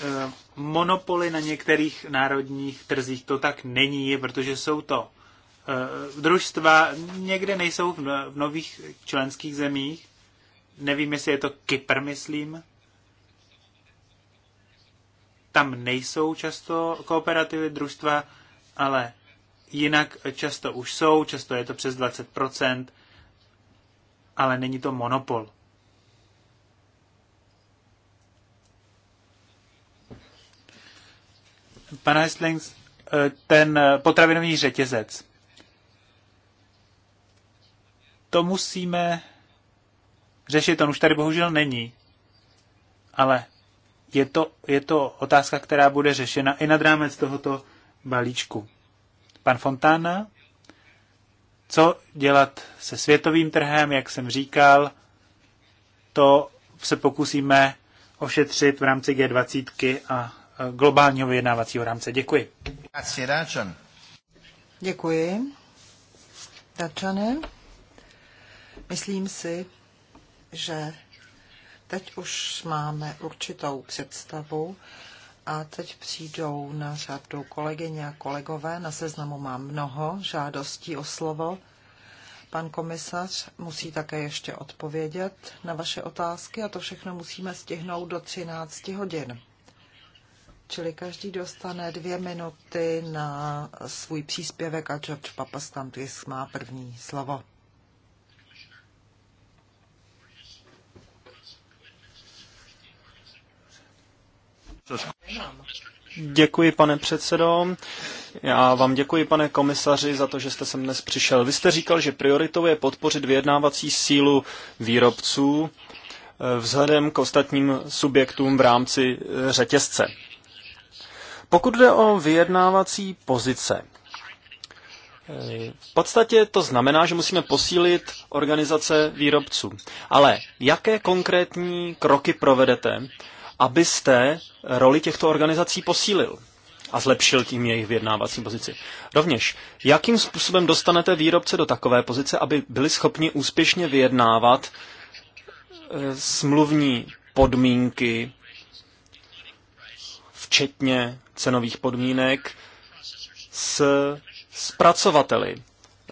Speaker 2: Eh, monopoly na některých národních trzích to tak není, protože jsou to Eh, družstva někde nejsou no, v nových členských zemích. Nevím, jestli je to Kypr, myslím. Tam nejsou často kooperativy družstva, ale jinak často už jsou, často je to přes 20%, ale není to monopol. Pane Hestlings, eh, ten eh, potravinový řetězec to musíme řešit. On už tady bohužel není. Ale je to, je to otázka, která bude řešena i nad rámec tohoto balíčku. Pan Fontána, co dělat se světovým trhem, jak jsem říkal, to se pokusíme ošetřit v rámci G20 a globálního vyjednávacího rámce. Děkuji.
Speaker 3: Děkuji. Dačane. Myslím si, že teď už máme určitou představu a teď přijdou na řadu kolegyně a kolegové. Na seznamu mám mnoho žádostí o slovo. Pan komisař musí také ještě odpovědět na vaše otázky a to všechno musíme stihnout do 13 hodin. Čili každý dostane dvě minuty na svůj příspěvek a George Papastantis má první slovo.
Speaker 1: Děkuji, pane předsedo. Já vám děkuji, pane komisaři, za to, že jste sem dnes přišel. Vy jste říkal, že prioritou je podpořit vyjednávací sílu výrobců eh, vzhledem k ostatním subjektům v rámci eh, řetězce. Pokud jde o vyjednávací pozice, eh, v podstatě to znamená, že musíme posílit organizace výrobců. Ale jaké konkrétní kroky provedete, abyste roli těchto organizací posílil a zlepšil tím jejich vyjednávací pozici. Rovněž, jakým způsobem dostanete výrobce do takové pozice, aby byli schopni úspěšně vyjednávat e, smluvní podmínky, včetně cenových podmínek, s zpracovateli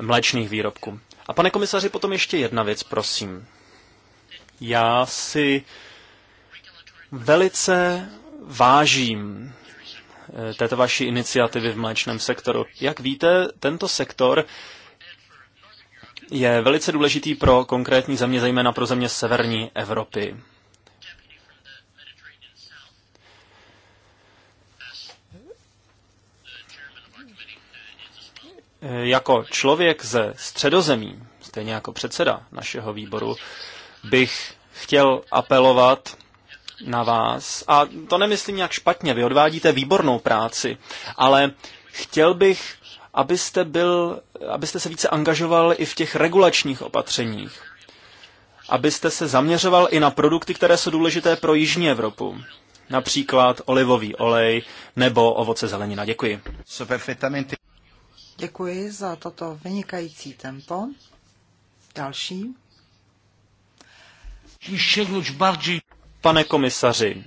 Speaker 1: mléčných výrobků. A pane komisaři, potom ještě jedna věc, prosím. Já si Velice vážím eh, této vaší iniciativy v mléčném sektoru. Jak víte, tento sektor je velice důležitý pro konkrétní země, zejména pro země severní Evropy. Eh, jako člověk ze středozemí, stejně jako předseda našeho výboru, bych chtěl apelovat na vás. A to nemyslím nějak špatně, vy odvádíte výbornou práci, ale chtěl bych, abyste, byl, abyste se více angažoval i v těch regulačních opatřeních. Abyste se zaměřoval i na produkty, které jsou důležité pro Jižní Evropu. Například olivový olej nebo ovoce zelenina. Děkuji.
Speaker 3: Děkuji za toto vynikající tempo. Další.
Speaker 1: Sięgnąć bardziej Pane komisaři,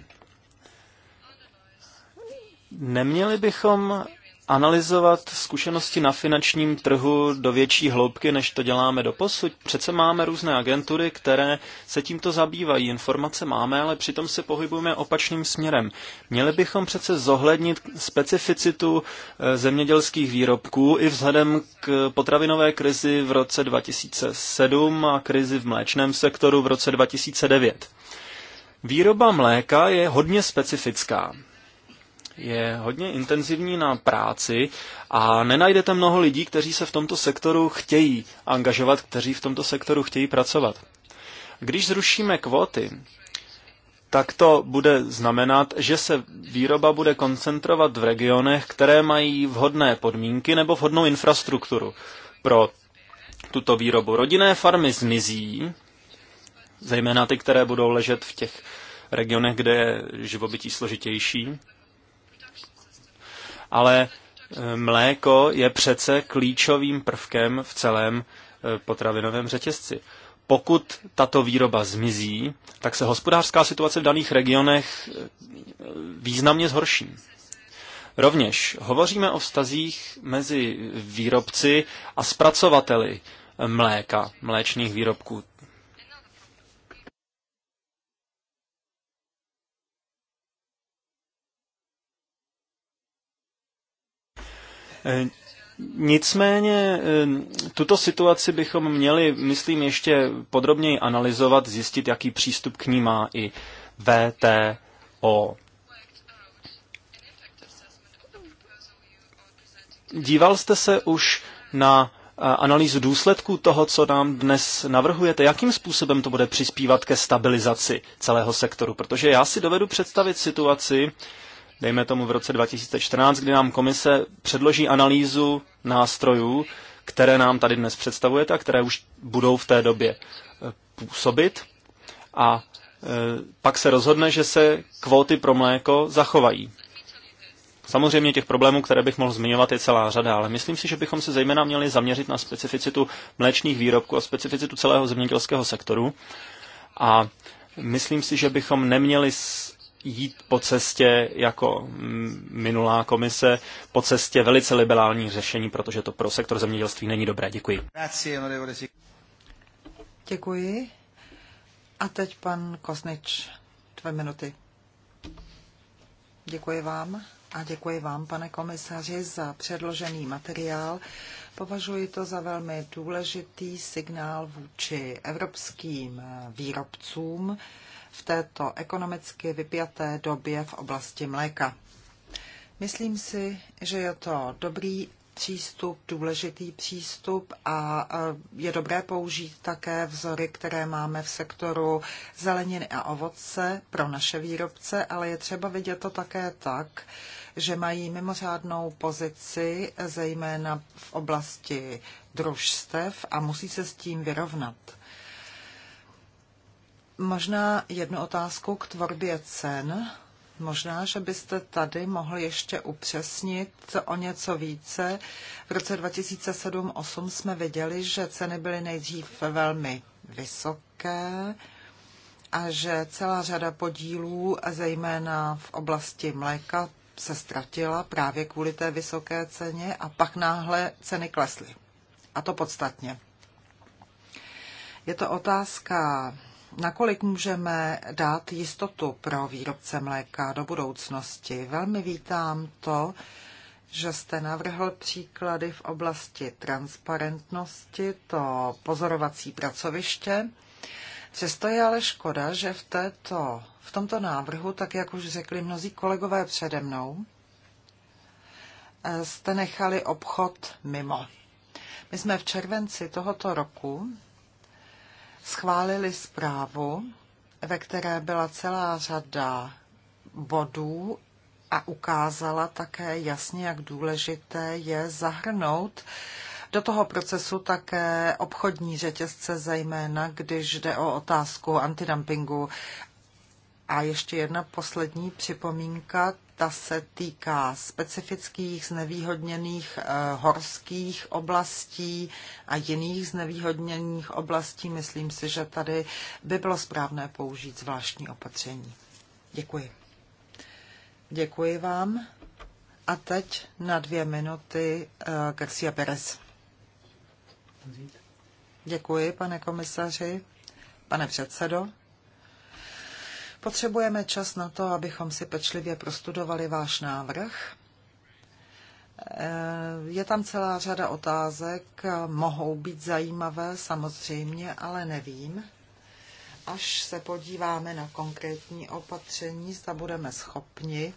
Speaker 1: neměli bychom analyzovat zkušenosti na finančním trhu do větší hloubky, než to děláme do posud. Přece máme různé agentury, které se tímto zabývají, informace máme, ale přitom se pohybujeme opačným směrem. Měli bychom přece zohlednit specificitu eh, zemědělských výrobků i vzhledem k potravinové krizi v roce 2007 a krizi v mléčném sektoru v roce 2009. Výroba mléka je hodně specifická. Je hodně intenzivní na práci a nenajdete mnoho lidí, kteří se v tomto sektoru chtějí angažovat, kteří v tomto sektoru chtějí pracovat. Když zrušíme kvóty, tak to bude znamenat, že se výroba bude koncentrovat v regionech, které mají vhodné podmínky nebo vhodnou infrastrukturu pro tuto výrobu. Rodinné farmy zmizí, zejména ty, které budou ležet v těch regionech, kde je živobytí složitější. Ale e, mléko je přece klíčovým prvkem v celém e, potravinovém řetězci. Pokud tato výroba zmizí, tak se hospodářská situace v daných regionech e, významně zhorší. Rovněž hovoříme o vztazích mezi výrobci a zpracovateli mléka, mléčných výrobků. Eh, nicméně eh, tuto situaci bychom měli, myslím, ještě podrobněji analyzovat, zjistit, jaký přístup k ní má i VTO. Díval jste se už na eh, analýzu důsledků toho, co nám dnes navrhujete, jakým způsobem to bude přispívat ke stabilizaci celého sektoru. Protože já si dovedu představit situaci, dejme tomu v roce 2014, kdy nám komise předloží analýzu nástrojů, které nám tady dnes představujete a které už budou v té době eh, působit. A eh, pak se rozhodne, že se kvóty pro mléko zachovají. Samozřejmě těch problémů, které bych mohl zmiňovat, je celá řada, ale myslím si, že bychom se zejména měli zaměřit na specificitu mléčných výrobků a specificitu celého zemědělského sektoru. A myslím si, že bychom neměli jít po cestě jako minulá komise, po cestě velice liberální řešení, protože to pro sektor zemědělství není dobré. Děkuji.
Speaker 3: Děkuji. A teď pan Kosnič, dvě minuty. Děkuji vám a děkuji vám, pane komisaři, za předložený materiál. Považuji to za velmi důležitý signál vůči evropským výrobcům, v této ekonomicky vypjaté době v oblasti mléka. Myslím si, že je to dobrý přístup, důležitý přístup a eh, je dobré použít také vzory, které máme v sektoru zeleniny a ovoce pro naše výrobce, ale je třeba vidět to také tak, že mají mimořádnou pozici, zejména v oblasti družstev a musí se s tím vyrovnat. Možná jednu otázku k tvorbě cen. Možná, že byste tady mohli ještě upřesnit o něco více. V roce 2007-2008 jsme viděli, že ceny byly nejdřív velmi vysoké a že celá řada podílů, zejména v oblasti mléka, se ztratila právě kvůli té vysoké ceně a pak náhle ceny klesly. A to podstatně. Je to otázka Nakolik můžeme dát jistotu pro výrobce mléka do budoucnosti? Velmi vítám to, že jste navrhl příklady v oblasti transparentnosti, to pozorovací pracoviště. Přesto je ale škoda, že v, této, v tomto návrhu, tak jak už řekli mnozí kolegové přede mnou, eh, jste nechali obchod mimo. My jsme v červenci tohoto roku schválili zprávu, ve které byla celá řada bodů a ukázala také jasně, jak důležité je zahrnout do toho procesu také obchodní řetězce, zejména když jde o otázku antidumpingu. A ještě jedna poslední připomínka, ta se týká specifických znevýhodněných eh, horských oblastí a jiných znevýhodněných oblastí. Myslím si, že tady by bylo správné použít zvláštní opatření. Děkuji. Děkuji vám. A teď na dvě minuty eh, Garcia Perez. Děkuji, pane komisaři, pane předsedo. Potřebujeme čas na to, abychom si pečlivě prostudovali váš návrh. Eh, je tam celá řada otázek, mohou být zajímavé samozřejmě, ale nevím. Až se podíváme na konkrétní opatření, zda budeme schopni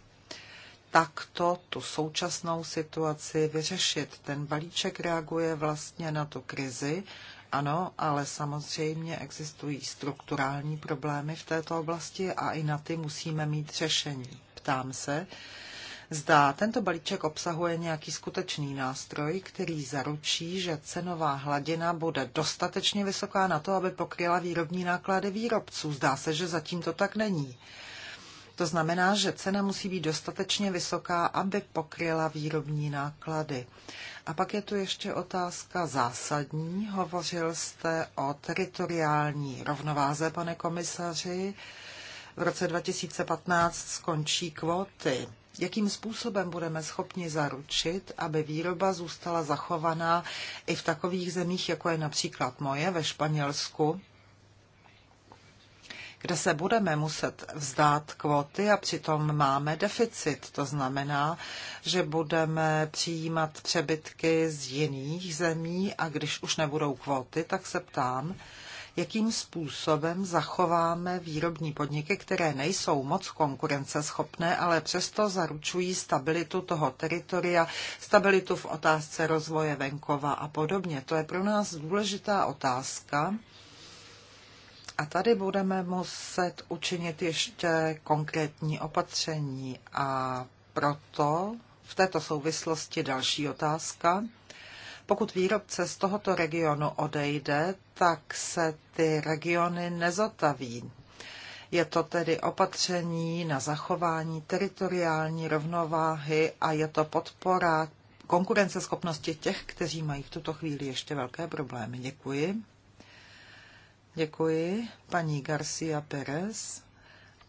Speaker 3: takto tu současnou situaci vyřešit. Ten balíček reaguje vlastně na tu krizi ano, ale samozřejmě existují strukturální problémy v této oblasti a i na ty musíme mít řešení. Ptám se, zda tento balíček obsahuje nějaký skutečný nástroj, který zaručí, že cenová hladina bude dostatečně vysoká na to, aby pokryla výrobní náklady výrobců. Zdá se, že zatím to tak není. To znamená, že cena musí být dostatečně vysoká, aby pokryla výrobní náklady. A pak je tu ještě otázka zásadní. Hovořil jste o teritoriální rovnováze, pane komisaři. V roce 2015 skončí kvóty. Jakým způsobem budeme schopni zaručit, aby výroba zůstala zachovaná i v takových zemích, jako je například moje ve Španělsku, kde se budeme muset vzdát kvóty a přitom máme deficit. To znamená, že budeme přijímat přebytky z jiných zemí a když už nebudou kvóty, tak se ptám, jakým způsobem zachováme výrobní podniky, které nejsou moc konkurenceschopné, ale přesto zaručují stabilitu toho teritoria, stabilitu v otázce rozvoje venkova a podobně. To je pro nás důležitá otázka a tady budeme muset učinit ještě konkrétní opatření a proto v této souvislosti další otázka. Pokud výrobce z tohoto regionu odejde, tak se ty regiony nezotaví. Je to tedy opatření na zachování teritoriální rovnováhy a je to podpora konkurenceschopnosti těch, kteří mají v tuto chvíli ještě velké problémy. Děkuji. Děkuji. Paní Garcia Perez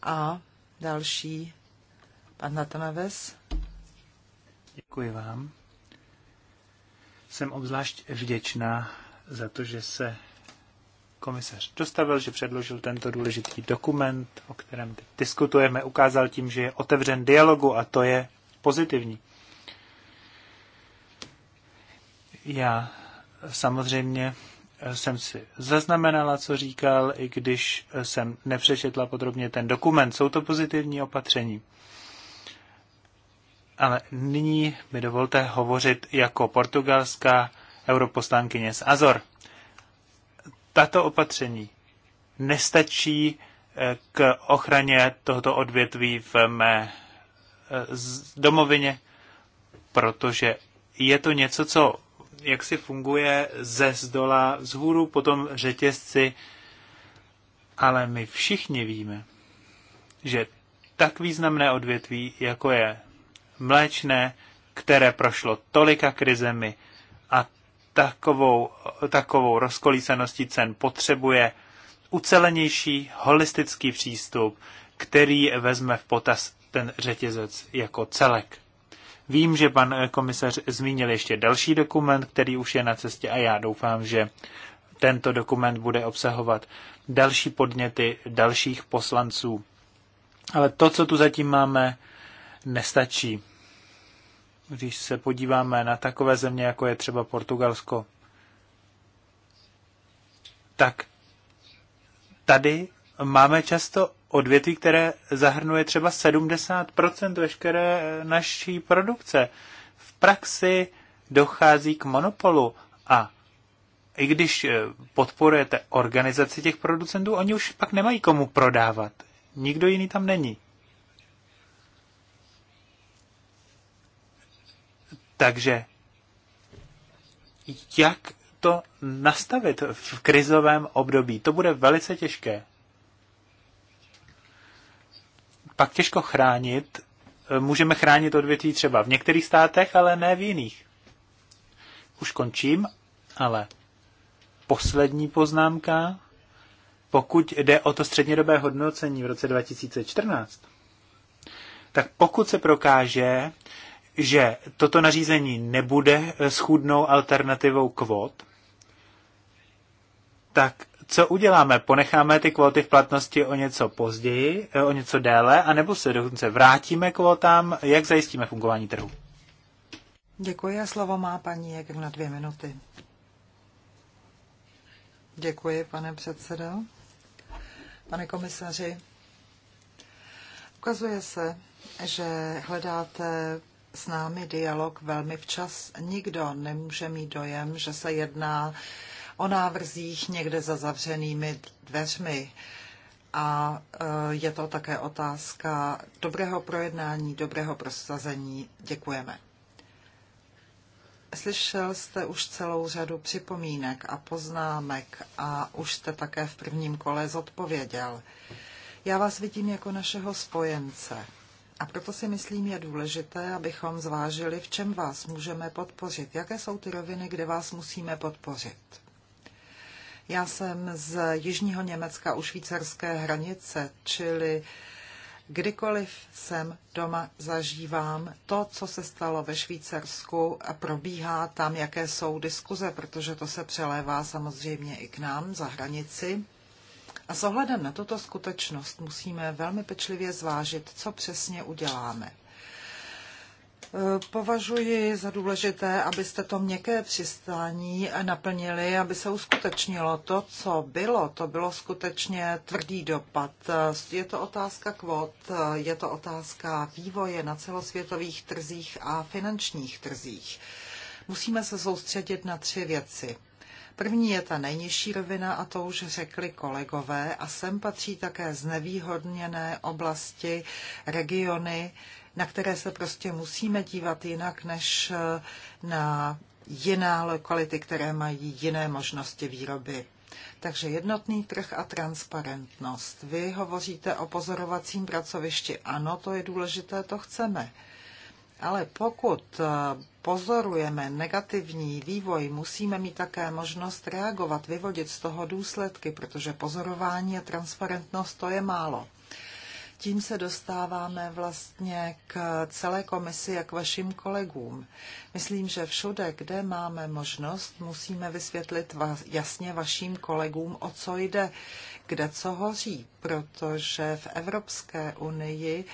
Speaker 3: a další pan Natanaves. Děkuji vám. Jsem obzvlášť
Speaker 2: vděčná za to, že se komisař dostavil, že předložil tento důležitý dokument, o kterém teď diskutujeme, ukázal tím, že je otevřen dialogu a to je pozitivní. Já samozřejmě jsem si zaznamenala, co říkal, i když jsem nepřečetla podrobně ten dokument. Jsou to pozitivní opatření. Ale nyní mi dovolte hovořit jako portugalská europoslankyně z Azor. Tato opatření nestačí eh, k ochraně tohoto odvětví v mé eh, domovině, protože je to něco, co jak si funguje ze zdola vzhůru, potom řetězci, ale my všichni víme, že tak významné odvětví, jako je mléčné, které prošlo tolika krizemi a takovou, takovou rozkolísaností cen potřebuje ucelenější, holistický přístup, který vezme v potaz ten řetězec jako celek. Vím, že pan komisař zmínil ještě další dokument, který už je na cestě a já doufám, že tento dokument bude obsahovat další podněty dalších poslanců. Ale to, co tu zatím máme, nestačí. Když se podíváme na takové země, jako je třeba Portugalsko, tak tady máme často odvětví, které zahrnuje třeba 70% veškeré eh, naší produkce. V praxi dochází k monopolu a i když eh, podporujete organizaci těch producentů, oni už pak nemají komu prodávat. Nikdo jiný tam není. Takže jak to nastavit v krizovém období? To bude velice těžké pak těžko chránit. Eh, můžeme chránit odvětví třeba v některých státech, ale ne v jiných. Už končím, ale poslední poznámka. Pokud jde o to střednědobé hodnocení v roce 2014, tak pokud se prokáže, že toto nařízení nebude eh, schůdnou alternativou kvot, tak co uděláme? Ponecháme ty kvóty v platnosti o něco později, eh, o něco déle, anebo se dokonce vrátíme kvótám? Jak zajistíme fungování trhu?
Speaker 3: Děkuji a slovo má paní jak na dvě minuty. Děkuji, pane předsedo. Pane komisaři, ukazuje se, že hledáte s námi dialog velmi včas. Nikdo nemůže mít dojem, že se jedná o návrzích někde za zavřenými dveřmi. A e, je to také otázka dobrého projednání, dobrého prosazení. Děkujeme. Slyšel jste už celou řadu připomínek a poznámek a už jste také v prvním kole zodpověděl. Já vás vidím jako našeho spojence a proto si myslím je důležité, abychom zvážili, v čem vás můžeme podpořit, jaké jsou ty roviny, kde vás musíme podpořit. Já jsem z jižního Německa u švýcarské hranice, čili kdykoliv jsem doma zažívám to, co se stalo ve Švýcarsku a probíhá tam, jaké jsou diskuze, protože to se přelévá samozřejmě i k nám za hranici. A s ohledem na tuto skutečnost musíme velmi pečlivě zvážit, co přesně uděláme. Eh, považuji za důležité, abyste to měkké přistání naplnili, aby se uskutečnilo to, co bylo. To bylo skutečně tvrdý dopad. Eh, je to otázka kvot, eh, je to otázka vývoje na celosvětových trzích a finančních trzích. Musíme se soustředit na tři věci. První je ta nejnižší rovina a to už řekli kolegové a sem patří také znevýhodněné oblasti, regiony, na které se prostě musíme dívat jinak než eh, na jiné lokality, které mají jiné možnosti výroby. Takže jednotný trh a transparentnost. Vy hovoříte o pozorovacím pracovišti. Ano, to je důležité, to chceme. Ale pokud eh, pozorujeme negativní vývoj, musíme mít také možnost reagovat, vyvodit z toho důsledky, protože pozorování a transparentnost to je málo. Tím se dostáváme vlastně k celé komisi k vašim kolegům. Myslím, že všude, kde máme možnost, musíme vysvětlit jasně vašim kolegům, o co jde, kde co hoří, protože v Evropské unii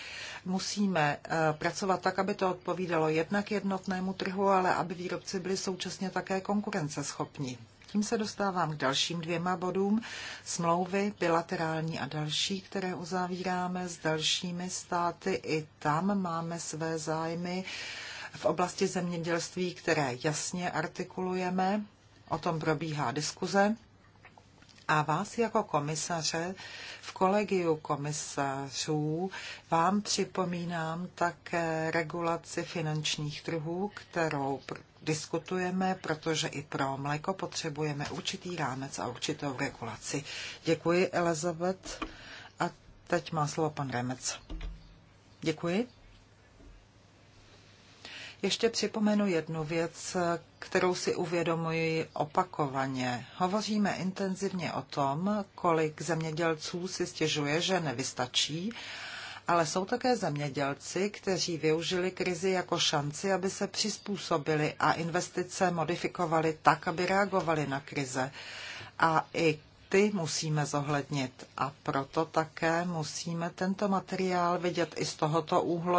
Speaker 3: musíme eh, pracovat tak, aby to odpovídalo jednak jednotnému trhu, ale aby výrobci byli současně také konkurenceschopní. Tím se dostávám k dalším dvěma bodům. Smlouvy bilaterální a další, které uzavíráme s dalšími státy. I tam máme své zájmy v oblasti zemědělství, které jasně artikulujeme. O tom probíhá diskuze. A vás jako komisaře v kolegiu komisařů vám připomínám také regulaci finančních trhů, kterou diskutujeme, protože i pro mléko potřebujeme určitý rámec a určitou regulaci. Děkuji, Elizabeth. A teď má slovo pan Remec. Děkuji. Ještě připomenu jednu věc, kterou si uvědomuji opakovaně. Hovoříme intenzivně o tom, kolik zemědělců si stěžuje, že nevystačí ale jsou také zemědělci, kteří využili krizi jako šanci, aby se přizpůsobili a investice modifikovali tak, aby reagovali na krize. A i ty musíme zohlednit a proto také musíme tento materiál vidět i z tohoto úhlu,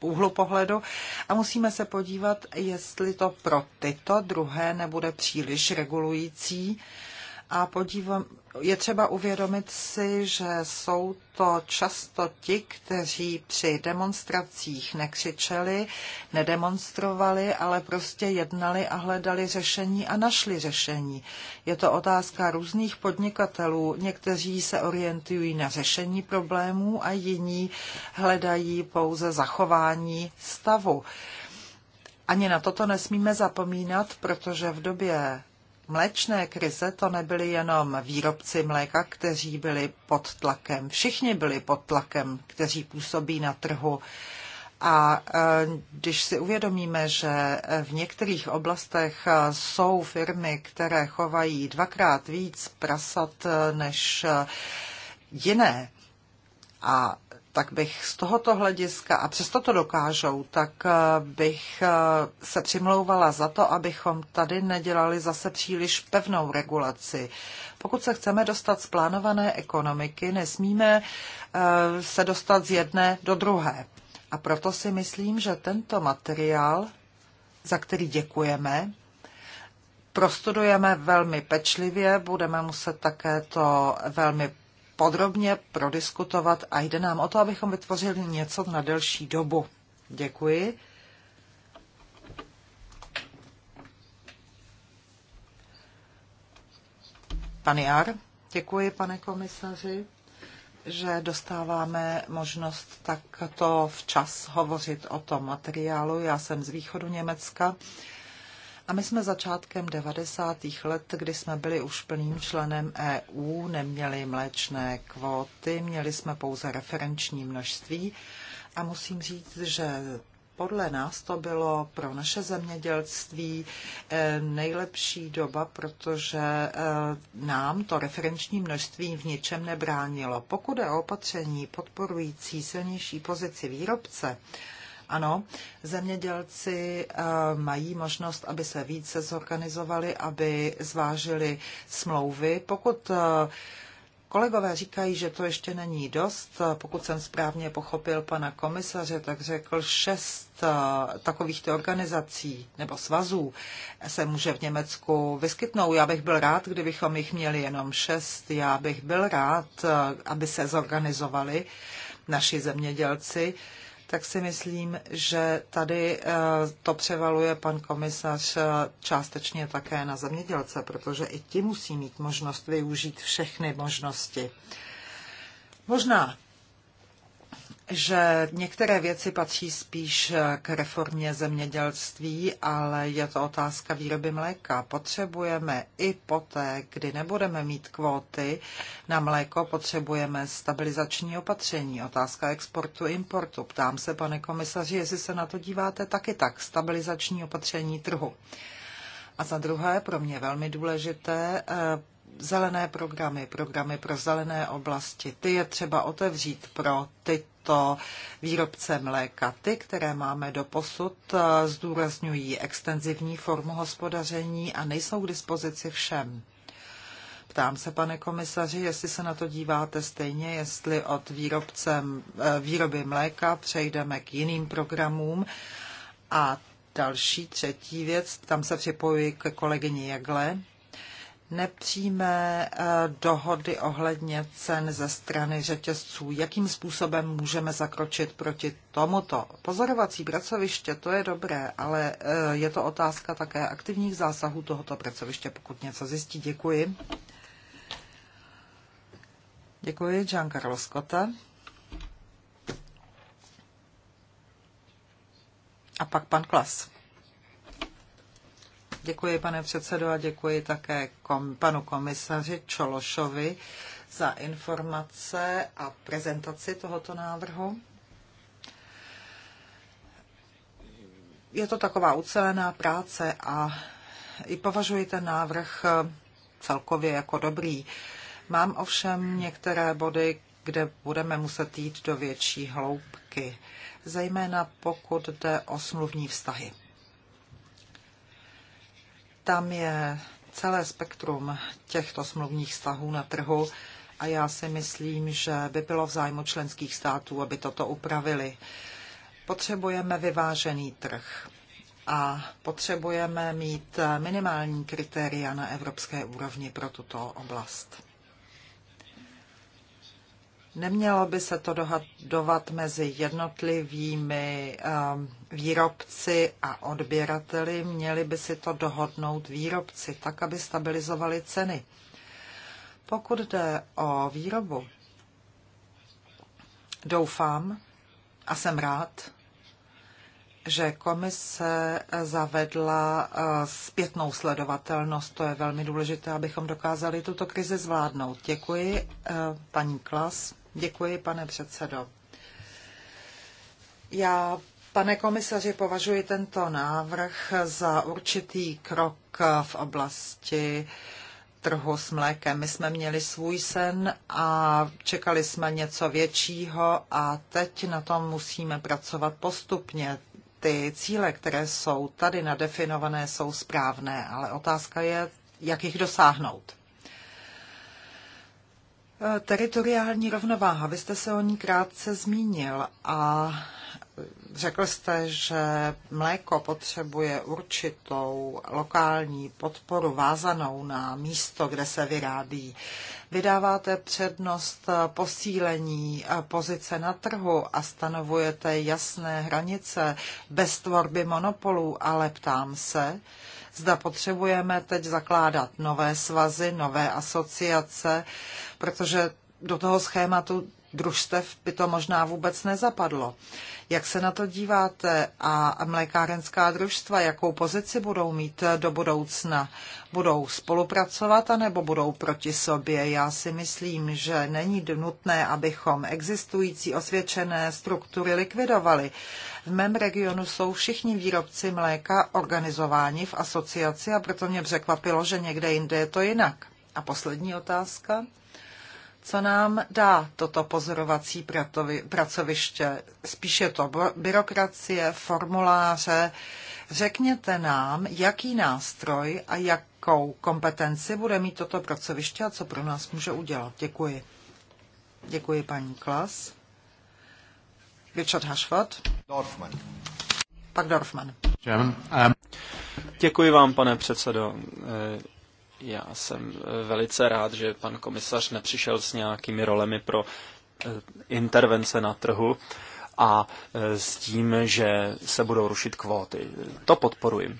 Speaker 3: úhlu pohledu a musíme se podívat, jestli to pro tyto druhé nebude příliš regulující a podívám, je třeba uvědomit si, že jsou to často ti, kteří při demonstracích nekřičeli, nedemonstrovali, ale prostě jednali a hledali řešení a našli řešení. Je to otázka různých podnikatelů. Někteří se orientují na řešení problémů a jiní hledají pouze zachování stavu. Ani na toto nesmíme zapomínat, protože v době mléčné krize to nebyli jenom výrobci mléka, kteří byli pod tlakem. Všichni byli pod tlakem, kteří působí na trhu. A e, když si uvědomíme, že v některých oblastech e, jsou firmy, které chovají dvakrát víc prasat e, než jiné, a tak bych z tohoto hlediska, a přesto to dokážou, tak eh, bych eh, se přimlouvala za to, abychom tady nedělali zase příliš pevnou regulaci. Pokud se chceme dostat z plánované ekonomiky, nesmíme eh, se dostat z jedné do druhé. A proto si myslím, že tento materiál, za který děkujeme, prostudujeme velmi pečlivě, budeme muset také to velmi podrobně prodiskutovat a jde nám o to, abychom vytvořili něco na delší dobu. Děkuji. Pan Jar, děkuji, pane komisaři, že dostáváme možnost takto včas hovořit o tom materiálu. Já jsem z východu Německa. A my jsme začátkem 90. let, kdy jsme byli už plným členem EU, neměli mléčné kvóty, měli jsme pouze referenční množství. A musím říct, že podle nás to bylo pro naše zemědělství eh, nejlepší doba, protože eh, nám to referenční množství v ničem nebránilo. Pokud je opatření podporující silnější pozici výrobce, ano, zemědělci eh, mají možnost, aby se více zorganizovali, aby zvážili smlouvy. Pokud eh, Kolegové říkají, že to ještě není dost. Eh, pokud jsem správně pochopil pana komisaře, tak řekl šest takovýchto organizací nebo svazů se může v Německu vyskytnout. Já bych byl rád, kdybychom jich měli jenom šest. Já bych byl rád, aby se zorganizovali naši zemědělci. Uh, tak si myslím, že tady eh, to převaluje pan komisař eh, částečně také na zemědělce, protože i ti musí mít možnost využít všechny možnosti. Možná že některé věci patří spíš k reformě zemědělství, ale je to otázka výroby mléka. Potřebujeme i poté, kdy nebudeme mít kvóty na mléko, potřebujeme stabilizační opatření. Otázka exportu, importu. Ptám se, pane komisaři, jestli se na to díváte taky tak. Stabilizační opatření trhu. A za druhé, pro mě velmi důležité, zelené programy, programy pro zelené oblasti. Ty je třeba otevřít pro tyto výrobce mléka. Ty, které máme do posud, eh, zdůrazňují extenzivní formu hospodaření a nejsou k dispozici všem. Ptám se, pane komisaři, jestli se na to díváte stejně, jestli od výrobce eh, výroby mléka přejdeme k jiným programům. A další, třetí věc, tam se připojuji ke kolegyni Jagle, nepřímé eh, dohody ohledně cen ze strany řetězců. Jakým způsobem můžeme zakročit proti tomuto? Pozorovací pracoviště, to je dobré, ale eh, je to otázka také aktivních zásahů tohoto pracoviště, pokud něco zjistí. Děkuji. Děkuji, Carlos Scotta. A pak pan Klas. Děkuji, pane předsedo, a děkuji také kom, panu komisaři Čološovi za informace a prezentaci tohoto návrhu. Je to taková ucelená práce a i považuji ten návrh celkově jako dobrý. Mám ovšem některé body, kde budeme muset jít do větší hloubky, zejména pokud jde o smluvní vztahy. Tam je celé spektrum těchto smluvních vztahů na trhu a já si myslím, že by bylo v zájmu členských států, aby toto upravili. Potřebujeme vyvážený trh a potřebujeme mít minimální kritéria na evropské úrovni pro tuto oblast. Nemělo by se to dohadovat mezi jednotlivými um, výrobci a odběrateli, měli by si to dohodnout výrobci, tak aby stabilizovali ceny. Pokud jde o výrobu, doufám a jsem rád, že komise zavedla uh, zpětnou sledovatelnost. To je velmi důležité, abychom dokázali tuto krizi zvládnout. Děkuji, uh, paní Klas. Děkuji, pane předsedo. Já, pane komisaři, považuji tento návrh za určitý krok v oblasti trhu s mlékem. My jsme měli svůj sen a čekali jsme něco většího a teď na tom musíme pracovat postupně. Ty cíle, které jsou tady nadefinované, jsou správné, ale otázka je, jak jich dosáhnout. Eh, teritoriální rovnováha, vy jste se o ní krátce zmínil a řekl jste, že mléko potřebuje určitou lokální podporu vázanou na místo, kde se vyrábí. Vydáváte přednost posílení eh, pozice na trhu a stanovujete jasné hranice bez tvorby monopolů, ale ptám se, Zda potřebujeme teď zakládat nové svazy, nové asociace, protože do toho schématu družstev by to možná vůbec nezapadlo. Jak se na to díváte a mlékárenská družstva, jakou pozici budou mít do budoucna? Budou spolupracovat anebo budou proti sobě? Já si myslím, že není nutné, abychom existující osvědčené struktury likvidovali. V mém regionu jsou všichni výrobci mléka organizováni v asociaci a proto mě překvapilo, že někde jinde je to jinak. A poslední otázka co nám dá toto pozorovací pracoviště? Spíše to byrokracie, formuláře. Řekněte nám, jaký nástroj a jakou kompetenci bude mít toto pracoviště a co pro nás může udělat. Děkuji. Děkuji, paní Klas. Richard Hashford. Dorfman. Pak Dorfman.
Speaker 1: Um, Děkuji vám, pane předsedo. Eh, já jsem eh, velice rád, že pan komisař nepřišel s nějakými rolemi pro eh, intervence na trhu a eh, s tím, že se budou rušit kvóty. To podporuji.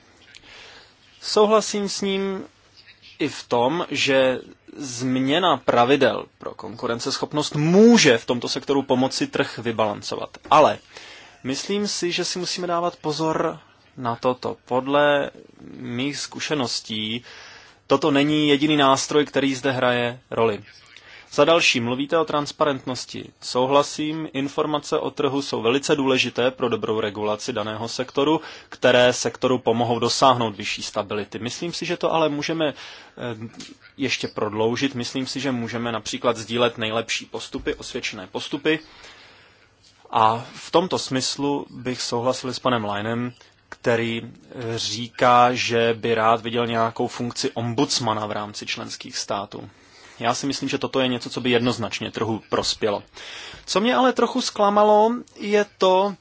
Speaker 1: Souhlasím s ním i v tom, že změna pravidel pro konkurenceschopnost může v tomto sektoru pomoci trh vybalancovat. Ale myslím si, že si musíme dávat pozor na toto. Podle mých zkušeností toto není jediný nástroj, který zde hraje roli. Za další, mluvíte o transparentnosti. Souhlasím, informace o trhu jsou velice důležité pro dobrou regulaci daného sektoru, které sektoru pomohou dosáhnout vyšší stability. Myslím si, že to ale můžeme eh, ještě prodloužit. Myslím si, že můžeme například sdílet nejlepší postupy, osvědčené postupy. A v tomto smyslu bych souhlasil s panem Linem, který eh, říká, že by rád viděl nějakou funkci ombudsmana v rámci členských států. Já si myslím, že toto je něco, co by jednoznačně trochu prospělo. Co mě ale trochu zklamalo, je to,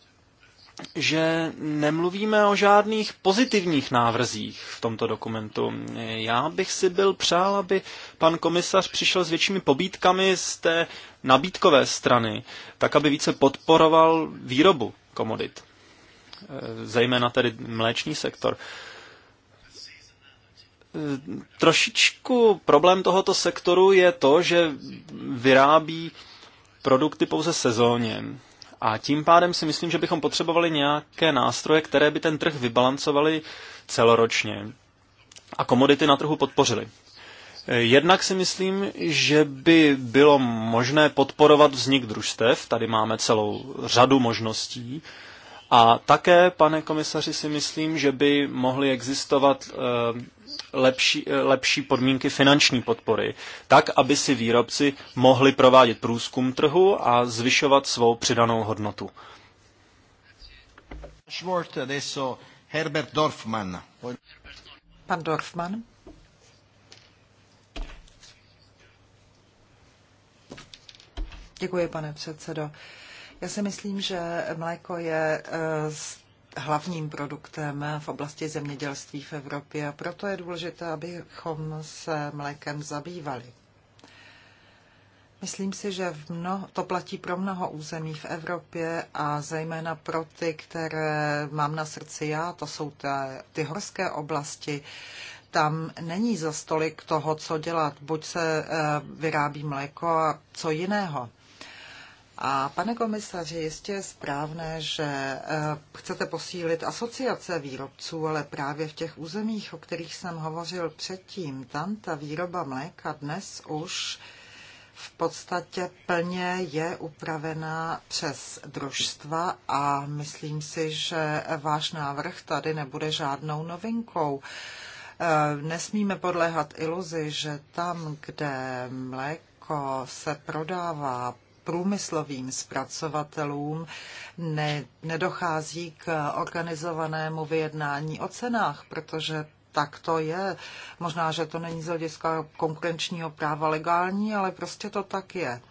Speaker 1: že nemluvíme o žádných pozitivních návrzích v tomto dokumentu. Já bych si byl přál, aby pan komisař přišel s většími pobídkami z té nabídkové strany, tak aby více podporoval výrobu komodit. Eh, zejména tedy mléčný sektor. Eh, trošičku problém tohoto sektoru je to, že vyrábí produkty pouze sezóně. A tím pádem si myslím, že bychom potřebovali nějaké nástroje, které by ten trh vybalancovaly celoročně a komodity na trhu podpořily. Eh, jednak si myslím, že by bylo možné podporovat vznik družstev. Tady máme celou řadu možností. A také, pane komisaři, si myslím, že by mohly existovat eh, lepší, eh, lepší podmínky finanční podpory, tak, aby si výrobci mohli provádět průzkum trhu a zvyšovat svou přidanou hodnotu. Herbert Dorfman.
Speaker 3: Pan Dorfman. Děkuji, pane předsedo. Uh, já si myslím, že mléko je eh, hlavním produktem v oblasti zemědělství v Evropě a proto je důležité, abychom se mlékem zabývali. Myslím si, že v mnoho, to platí pro mnoho území v Evropě a zejména pro ty, které mám na srdci já, to jsou ty, ty horské oblasti. Tam není za stolik toho, co dělat. Buď se eh, vyrábí mléko a co jiného. A pane komisaři, jistě je správné, že eh, chcete posílit asociace výrobců, ale právě v těch územích, o kterých jsem hovořil předtím, tam ta výroba mléka dnes už v podstatě plně je upravená přes družstva a myslím si, že váš návrh tady nebude žádnou novinkou. Eh, nesmíme podléhat iluzi, že tam, kde mléko se prodává průmyslovým zpracovatelům ne, nedochází k organizovanému vyjednání o cenách, protože tak to je. Možná, že to není z hlediska konkurenčního práva legální, ale prostě to tak je.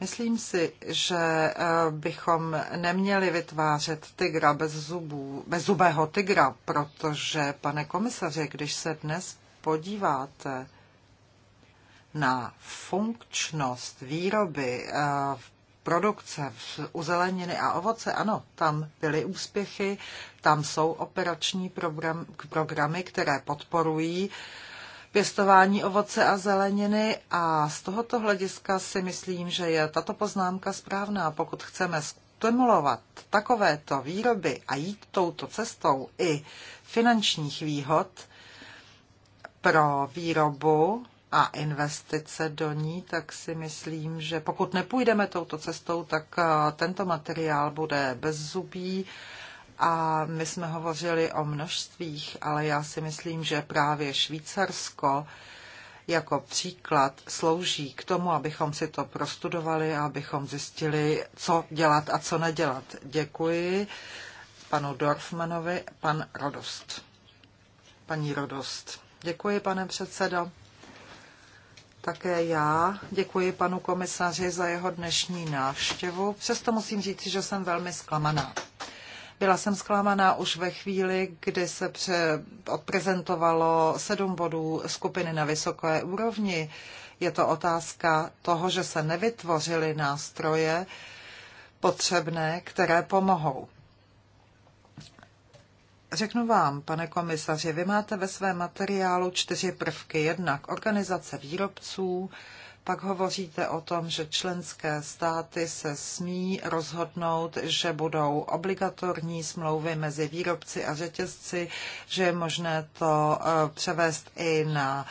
Speaker 3: Myslím si, že eh, bychom neměli vytvářet tygra bez zubů, bez zubého tygra, protože, pane komisaře, když se dnes podíváte na funkčnost výroby eh, v produkce u zeleniny a ovoce, ano, tam byly úspěchy, tam jsou operační program, programy, které podporují pěstování ovoce a zeleniny a z tohoto hlediska si myslím, že je tato poznámka správná. Pokud chceme stimulovat takovéto výroby a jít touto cestou i finančních výhod pro výrobu a investice do ní, tak si myslím, že pokud nepůjdeme touto cestou, tak eh, tento materiál bude bez zubí. A my jsme hovořili o množstvích, ale já si myslím, že právě Švýcarsko jako příklad slouží k tomu, abychom si to prostudovali a abychom zjistili, co dělat a co nedělat. Děkuji panu Dorfmanovi, pan Rodost. Paní Rodost. Děkuji, pane předsedo. Také já děkuji panu komisaři za jeho dnešní návštěvu. Přesto musím říct, že jsem velmi zklamaná. Byla jsem zklamaná už ve chvíli, kdy se pře- odprezentovalo sedm bodů skupiny na vysoké úrovni. Je to otázka toho, že se nevytvořily nástroje potřebné, které pomohou. Řeknu vám, pane komisaři, vy máte ve svém materiálu čtyři prvky. Jednak organizace výrobců, pak hovoříte o tom, že členské státy se smí rozhodnout, že budou obligatorní smlouvy mezi výrobci a řetězci, že je možné to eh, převést i na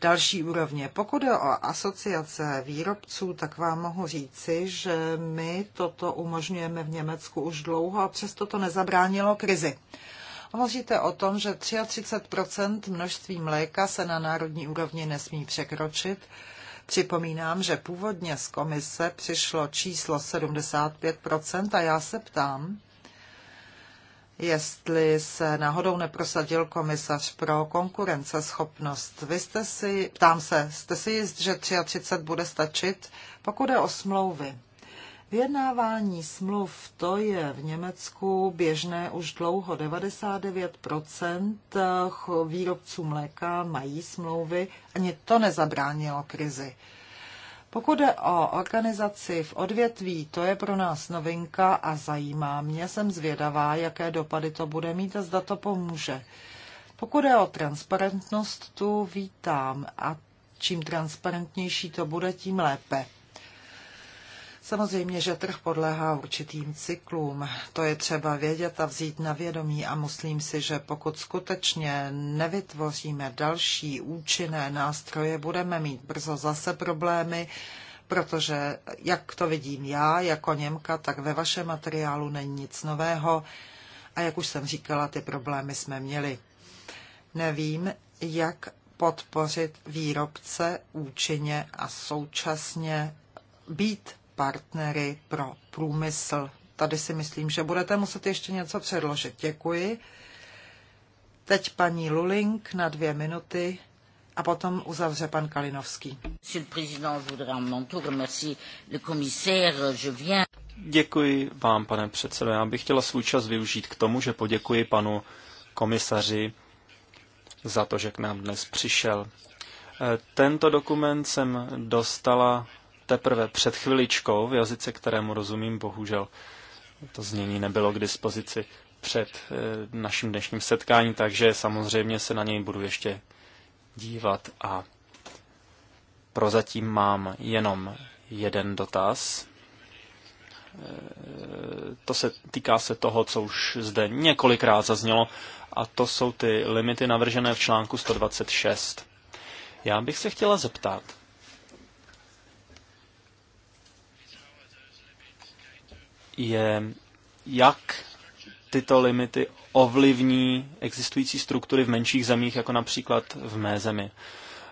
Speaker 3: další úrovně. Pokud je o asociace výrobců, tak vám mohu říci, že my toto umožňujeme v Německu už dlouho a přesto to nezabránilo krizi. Hovoříte o tom, že 33 množství mléka se na národní úrovni nesmí překročit. Připomínám, že původně z komise přišlo číslo 75 a já se ptám, jestli se náhodou neprosadil komisař pro konkurenceschopnost. Vy jste si, ptám se, jste si jist, že 33 bude stačit, pokud je o smlouvy? Vyjednávání smluv, to je v Německu běžné už dlouho. 99% eh, výrobců mléka mají smlouvy, ani to nezabránilo krizi. Pokud je o organizaci v odvětví, to je pro nás novinka a zajímá mě. Jsem zvědavá, jaké dopady to bude mít a zda to pomůže. Pokud je o transparentnost, tu vítám a čím transparentnější to bude, tím lépe. Samozřejmě, že trh podléhá určitým cyklům. To je třeba vědět a vzít na vědomí a myslím si, že pokud skutečně nevytvoříme další účinné nástroje, budeme mít brzo zase problémy, protože jak to vidím já jako Němka, tak ve vašem materiálu není nic nového a jak už jsem říkala, ty problémy jsme měli. Nevím, jak podpořit výrobce účinně a současně být partnery pro průmysl. Tady si myslím, že budete muset ještě něco předložit. Děkuji. Teď paní Luling na dvě minuty a potom uzavře pan Kalinovský.
Speaker 1: Děkuji vám, pane předsedo. Já bych chtěla svůj čas využít k tomu, že poděkuji panu komisaři za to, že k nám dnes přišel. E, tento dokument jsem dostala teprve před chviličkou v jazyce, kterému rozumím, bohužel to znění nebylo k dispozici před eh, naším dnešním setkáním, takže samozřejmě se na něj budu ještě dívat a prozatím mám jenom jeden dotaz. Eh, to se týká se toho, co už zde několikrát zaznělo, a to jsou ty limity navržené v článku 126. Já bych se chtěla zeptat, je, jak tyto limity ovlivní existující struktury v menších zemích, jako například v mé zemi.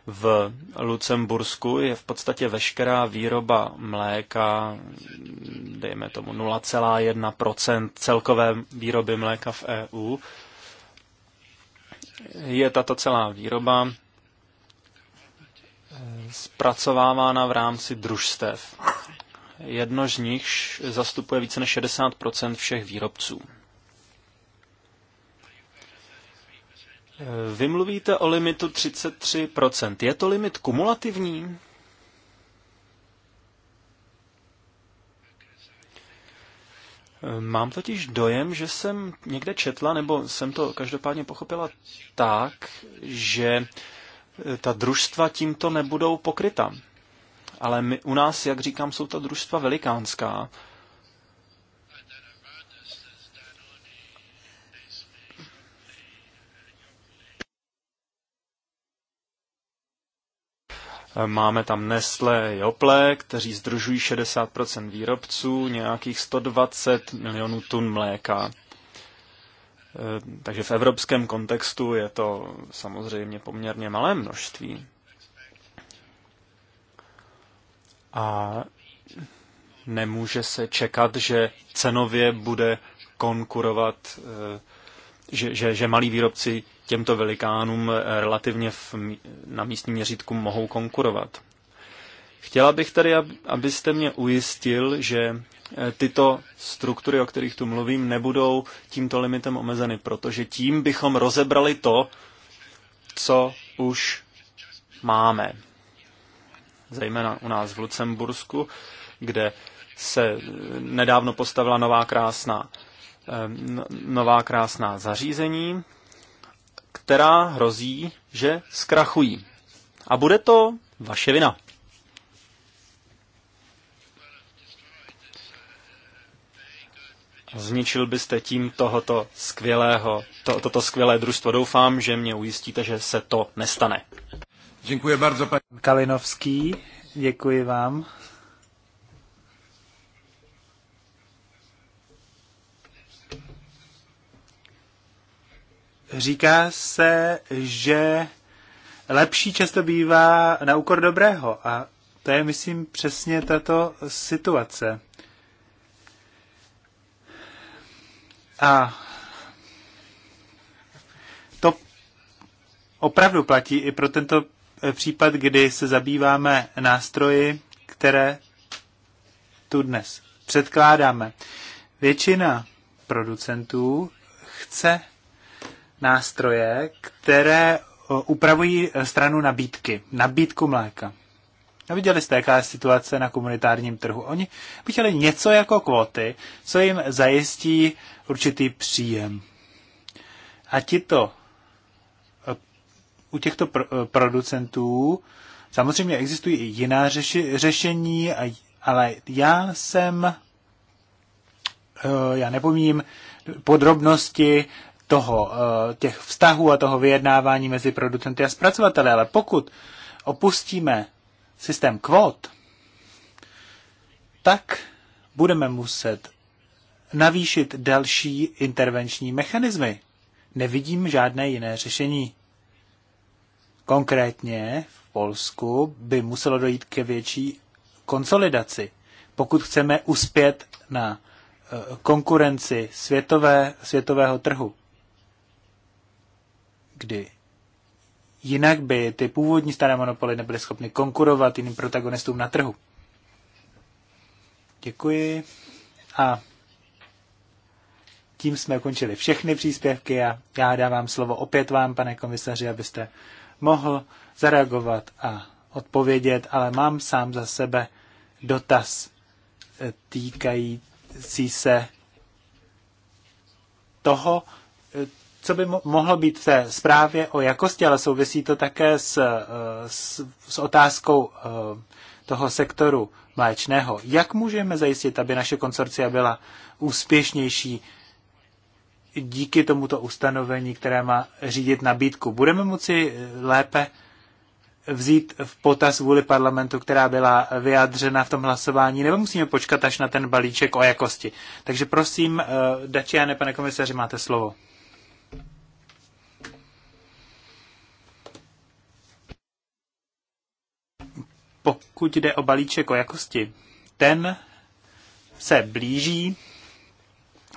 Speaker 1: V Lucembursku je v podstatě veškerá výroba mléka, dejme tomu 0,1 celkové výroby mléka v EU. Je tato celá výroba eh, zpracovávána v rámci družstev jedno z nich zastupuje více než 60 všech výrobců. E, vy mluvíte o limitu 33%. Je to limit kumulativní? E, mám totiž dojem, že jsem někde četla, nebo jsem to každopádně pochopila tak, že e, ta družstva tímto nebudou pokryta ale my, u nás, jak říkám, jsou ta družstva velikánská. Máme tam Nestlé, Jople, kteří združují 60% výrobců, nějakých 120 milionů tun mléka. Eh, takže v evropském kontextu je to samozřejmě poměrně malé množství. a nemůže se čekat, že cenově bude konkurovat, eh, že, že, že malí výrobci těmto velikánům eh, relativně v, na místním měřítku mohou konkurovat. Chtěla bych tady, abyste mě ujistil, že eh, tyto struktury, o kterých tu mluvím, nebudou tímto limitem omezeny, protože tím bychom rozebrali to, co už máme zejména u nás v Lucembursku, kde se nedávno postavila nová krásná, eh, nová krásná zařízení, která hrozí, že zkrachují. A bude to vaše vina. Zničil byste tím tohoto skvělého, to, toto skvělé družstvo. Doufám, že mě ujistíte, že se to nestane. Děkuji
Speaker 2: bardzo, pan... Kalinovský, děkuji vám. Říká se, že lepší často bývá na úkor dobrého a to je, myslím, přesně tato situace. A to opravdu platí i pro tento Eh, případ, kdy se zabýváme nástroji, které tu dnes předkládáme. Většina producentů chce nástroje, které eh, upravují eh, stranu nabídky, nabídku mléka. A viděli jste, jaká je situace na komunitárním trhu. Oni by chtěli něco jako kvóty, co jim zajistí určitý příjem. A tito u těchto eh, producentů samozřejmě existují i jiná řeši, řešení, ale já jsem, eh, já nepomím podrobnosti toho, eh, těch vztahů a toho vyjednávání mezi producenty a zpracovateli, ale pokud opustíme systém kvót, tak budeme muset navýšit další intervenční mechanismy. Nevidím žádné jiné řešení. Konkrétně v Polsku by muselo dojít ke větší konsolidaci, pokud chceme uspět na e, konkurenci světové, světového trhu. Kdy jinak by ty původní staré monopoly nebyly schopny konkurovat jiným protagonistům na trhu. Děkuji. A tím jsme ukončili všechny příspěvky a já dávám slovo opět vám, pane komisaři, abyste mohl zareagovat a odpovědět, ale mám sám za sebe dotaz eh, týkající se toho, eh, co by mohlo být v té zprávě o jakosti, ale souvisí to také s, eh, s, s otázkou toho sektoru mléčného. Jak můžeme zajistit, aby naše konsorcia byla úspěšnější díky tomuto ustanovení, které má řídit nabídku. Budeme moci eh, lépe vzít v potaz vůli parlamentu, která byla vyjádřena v tom hlasování, nebo musíme počkat až na ten balíček o jakosti. Takže prosím, eh, Dačiane, pane komisaři, máte slovo. Pokud jde o balíček o jakosti, ten se blíží,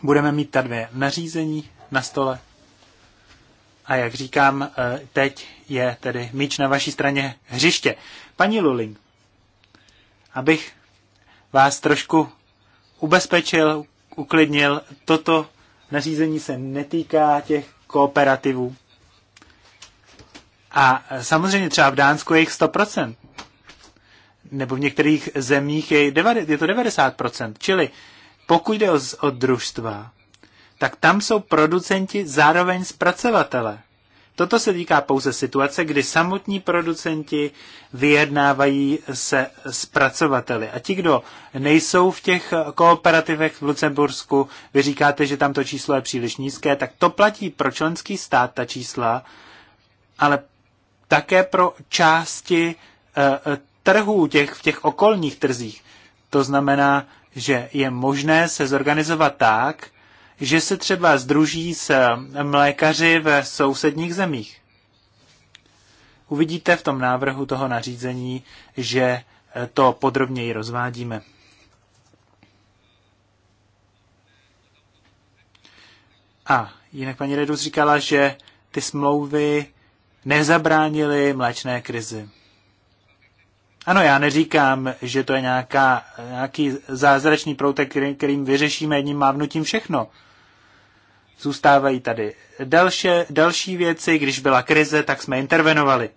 Speaker 2: budeme mít ta dvě nařízení na stole. A jak říkám, eh, teď je tedy míč na vaší straně hřiště. Paní Luling, abych vás trošku ubezpečil, uklidnil, toto nařízení se netýká těch kooperativů. A eh, samozřejmě třeba v Dánsku je jich 100%. Nebo v některých zemích je, to 90%. Čili pokud jde o, o družstva, tak tam jsou producenti zároveň zpracovatele. Toto se týká pouze situace, kdy samotní producenti vyjednávají se zpracovateli. A ti, kdo nejsou v těch kooperativech v Lucembursku, vy říkáte, že tam to číslo je příliš nízké, tak to platí pro členský stát ta čísla, ale také pro části e, trhů těch, v těch okolních trzích. To znamená, že je možné se zorganizovat tak, že se třeba združí s mlékaři ve sousedních zemích. Uvidíte v tom návrhu toho nařízení, že to podrobněji rozvádíme. A jinak paní Redus říkala, že ty smlouvy nezabránily mléčné krizi. Ano, já neříkám, že to je nějaká, nějaký zázračný proutek, který, kterým vyřešíme jedním mávnutím všechno. Zůstávají tady další, další věci. Když byla krize, tak jsme intervenovali.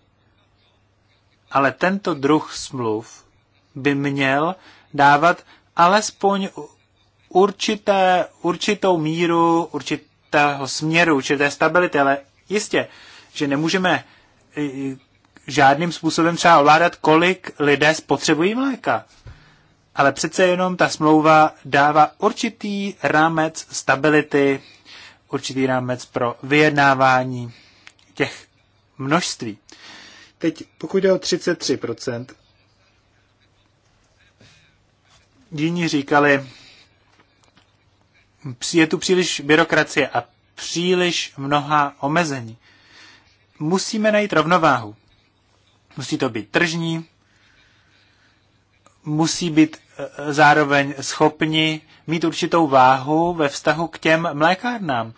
Speaker 2: Ale tento druh smluv by měl dávat alespoň určité, určitou míru, určitého směru, určité stability. Ale jistě, že nemůžeme žádným způsobem třeba ovládat, kolik lidé spotřebují mléka. Ale přece jenom ta smlouva dává určitý rámec stability, určitý rámec pro vyjednávání těch množství. Teď pokud jde o 33%, jiní říkali, je tu příliš byrokracie a příliš mnoha omezení. Musíme najít rovnováhu. Musí to být tržní, musí být e, e, zároveň schopni mít určitou váhu ve vztahu k těm mlékárnám.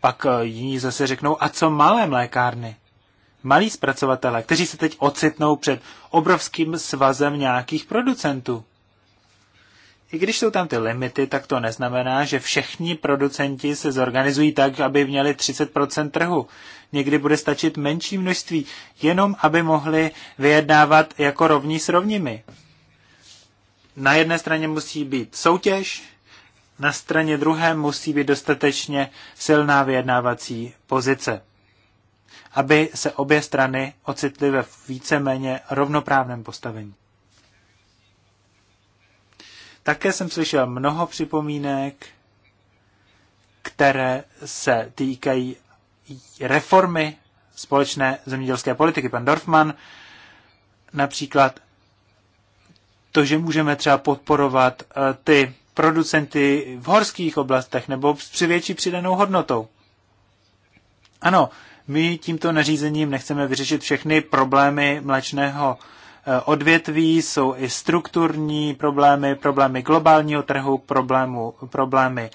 Speaker 2: Pak e, jiní zase řeknou, a co malé mlékárny? Malí zpracovatele, kteří se teď ocitnou před obrovským svazem nějakých producentů. I když jsou tam ty limity, tak to neznamená, že všichni producenti se zorganizují tak, aby měli 30% trhu. Někdy bude stačit menší množství, jenom aby mohli vyjednávat jako rovní s rovními. Na jedné straně musí být soutěž, na straně druhé musí být dostatečně silná vyjednávací pozice, aby se obě strany ocitly ve víceméně rovnoprávném postavení. Také jsem slyšel mnoho připomínek, které se týkají reformy společné zemědělské politiky. Pan Dorfman například to, že můžeme třeba podporovat eh, ty producenty v horských oblastech nebo při větší přidanou hodnotou. Ano, my tímto nařízením nechceme vyřešit všechny problémy mlečného. Eh, odvětví, jsou i strukturní problémy, problémy globálního trhu, problému, problémy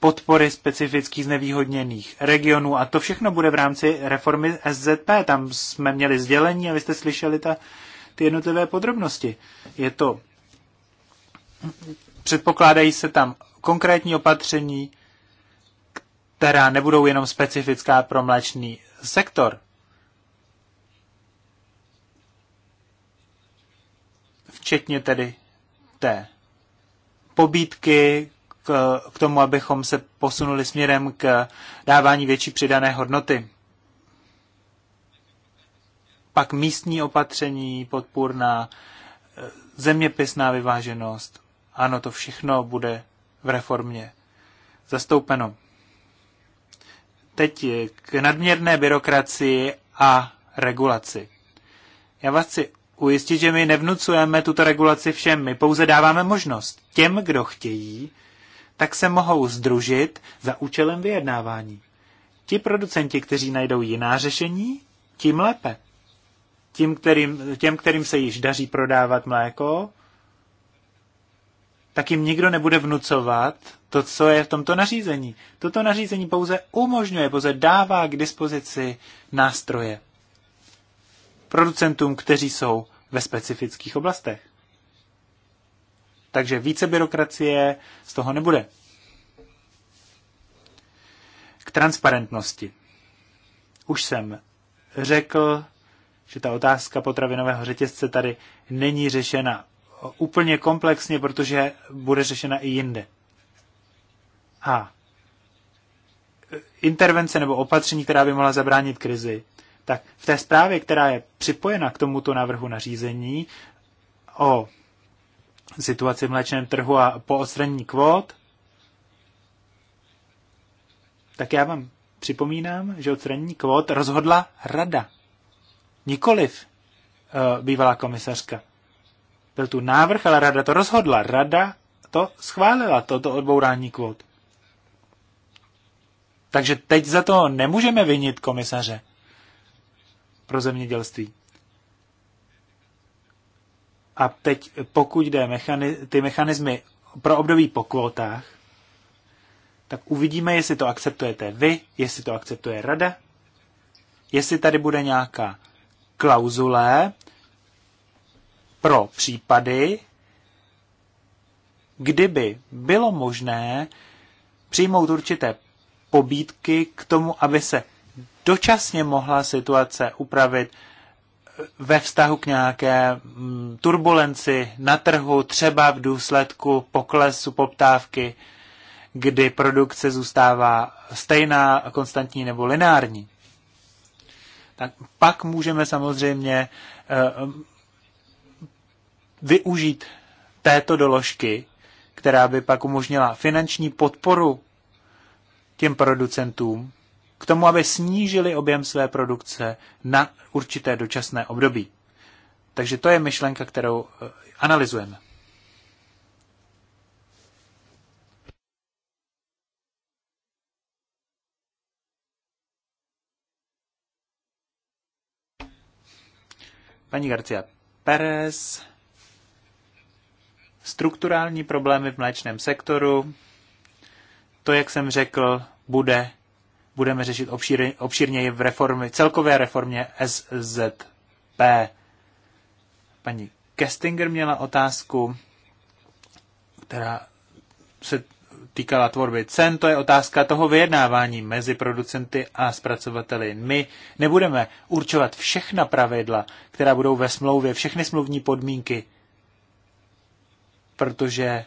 Speaker 2: podpory specifických znevýhodněných regionů a to všechno bude v rámci reformy SZP. Tam jsme měli sdělení a vy jste slyšeli ta, ty jednotlivé podrobnosti. Je to, předpokládají se tam konkrétní opatření, která nebudou jenom specifická pro mléčný sektor, včetně tedy té pobídky k, k tomu, abychom se posunuli směrem k dávání větší přidané hodnoty. Pak místní opatření, podpůrná eh, zeměpisná vyváženost. Ano, to všechno bude v reformě zastoupeno. Teď k nadměrné byrokracii a regulaci. Já vás chci ujistit, že my nevnucujeme tuto regulaci všem, my pouze dáváme možnost těm, kdo chtějí, tak se mohou združit za účelem vyjednávání. Ti producenti, kteří najdou jiná řešení, tím lépe. Tím, kterým, těm, kterým se již daří prodávat mléko, tak jim nikdo nebude vnucovat to, co je v tomto nařízení. Toto nařízení pouze umožňuje, pouze dává k dispozici nástroje producentům, kteří jsou ve specifických oblastech. Takže více byrokracie z toho nebude. K transparentnosti. Už jsem řekl, že ta otázka potravinového řetězce tady není řešena úplně komplexně, protože bude řešena i jinde. A intervence nebo opatření, která by mohla zabránit krizi, tak v té zprávě, která je připojena k tomuto návrhu nařízení o situaci v mléčném trhu a po odstranění kvót, tak já vám připomínám, že odstranění kvót rozhodla rada. Nikoliv uh, bývalá komisařka. Byl tu návrh, ale rada to rozhodla. Rada to schválila, toto odbourání kvót. Takže teď za to nemůžeme vinit komisaře pro zemědělství. A teď, pokud jde mechani- ty mechanismy pro období po kvótách, tak uvidíme, jestli to akceptujete vy, jestli to akceptuje rada, jestli tady bude nějaká klauzule pro případy, kdyby bylo možné přijmout určité pobídky k tomu, aby se dočasně mohla situace upravit eh, ve vztahu k nějaké mm, turbulenci na trhu, třeba v důsledku poklesu poptávky, kdy produkce zůstává stejná, konstantní nebo lineární. Tak pak můžeme samozřejmě eh, mm, využít této doložky, která by pak umožnila finanční podporu těm producentům, k tomu, aby snížili objem své produkce na určité dočasné období. Takže to je myšlenka, kterou eh, analyzujeme. Paní Garcia Perez, strukturální problémy v mléčném sektoru, to, jak jsem řekl, bude budeme řešit obšírněji v reformě, celkové reformě SZP. Paní Kestinger měla otázku, která se týkala tvorby cen, to je otázka toho vyjednávání mezi producenty a zpracovateli. My nebudeme určovat všechna pravidla, která budou ve smlouvě, všechny smluvní podmínky, protože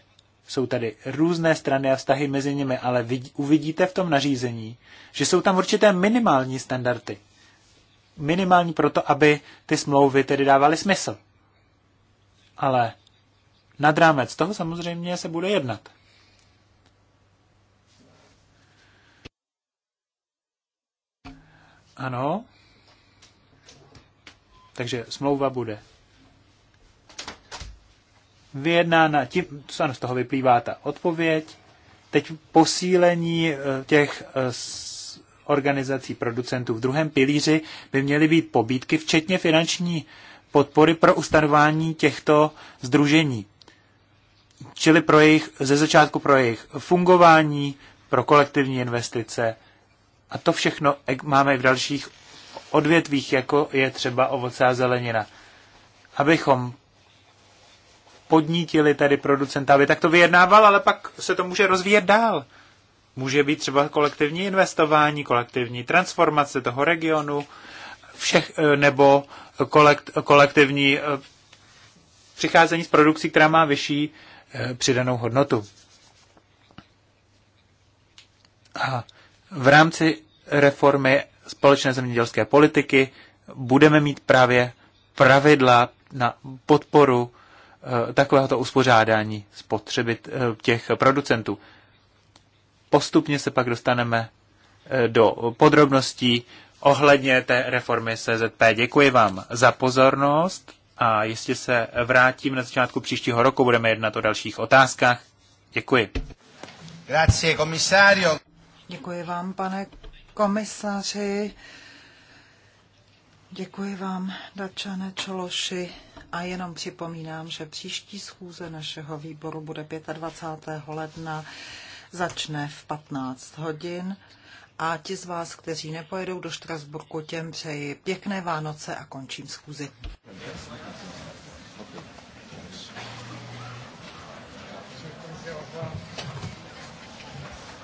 Speaker 2: jsou tady různé strany a vztahy mezi nimi, ale vidí, uvidíte v tom nařízení, že jsou tam určité minimální standardy. Minimální proto, aby ty smlouvy tedy dávaly smysl. Ale nad rámec toho samozřejmě se bude jednat. Ano. Takže smlouva bude vyjednána, tím, co z toho vyplývá ta odpověď, teď posílení eh, těch eh, organizací producentů v druhém pilíři by měly být pobídky, včetně finanční podpory pro ustanování těchto združení. Čili pro jejich, ze začátku pro jejich fungování, pro kolektivní investice. A to všechno máme v dalších odvětvích, jako je třeba ovoce a zelenina. Abychom podnítili tedy producenta, aby tak to vyjednával, ale pak se to může rozvíjet dál. Může být třeba kolektivní investování, kolektivní transformace toho regionu, všech, eh, nebo kolekt, kolektivní eh, přicházení s produkcí, která má vyšší eh, přidanou hodnotu. A v rámci reformy společné zemědělské politiky budeme mít právě pravidla na podporu Eh, takovéhoto uspořádání spotřeby eh, těch producentů. Postupně se pak dostaneme eh, do podrobností ohledně té reformy CZP. Děkuji vám za pozornost a jestli se vrátím na začátku příštího roku, budeme jednat o dalších otázkách. Děkuji.
Speaker 3: Grazie, komisario. Děkuji vám, pane komisaři. Děkuji vám, Dačane Čološi. A jenom připomínám, že příští schůze našeho výboru bude 25. ledna, začne v 15 hodin. A ti z vás, kteří nepojedou do Štrasburku, těm přeji pěkné Vánoce a končím schůzi.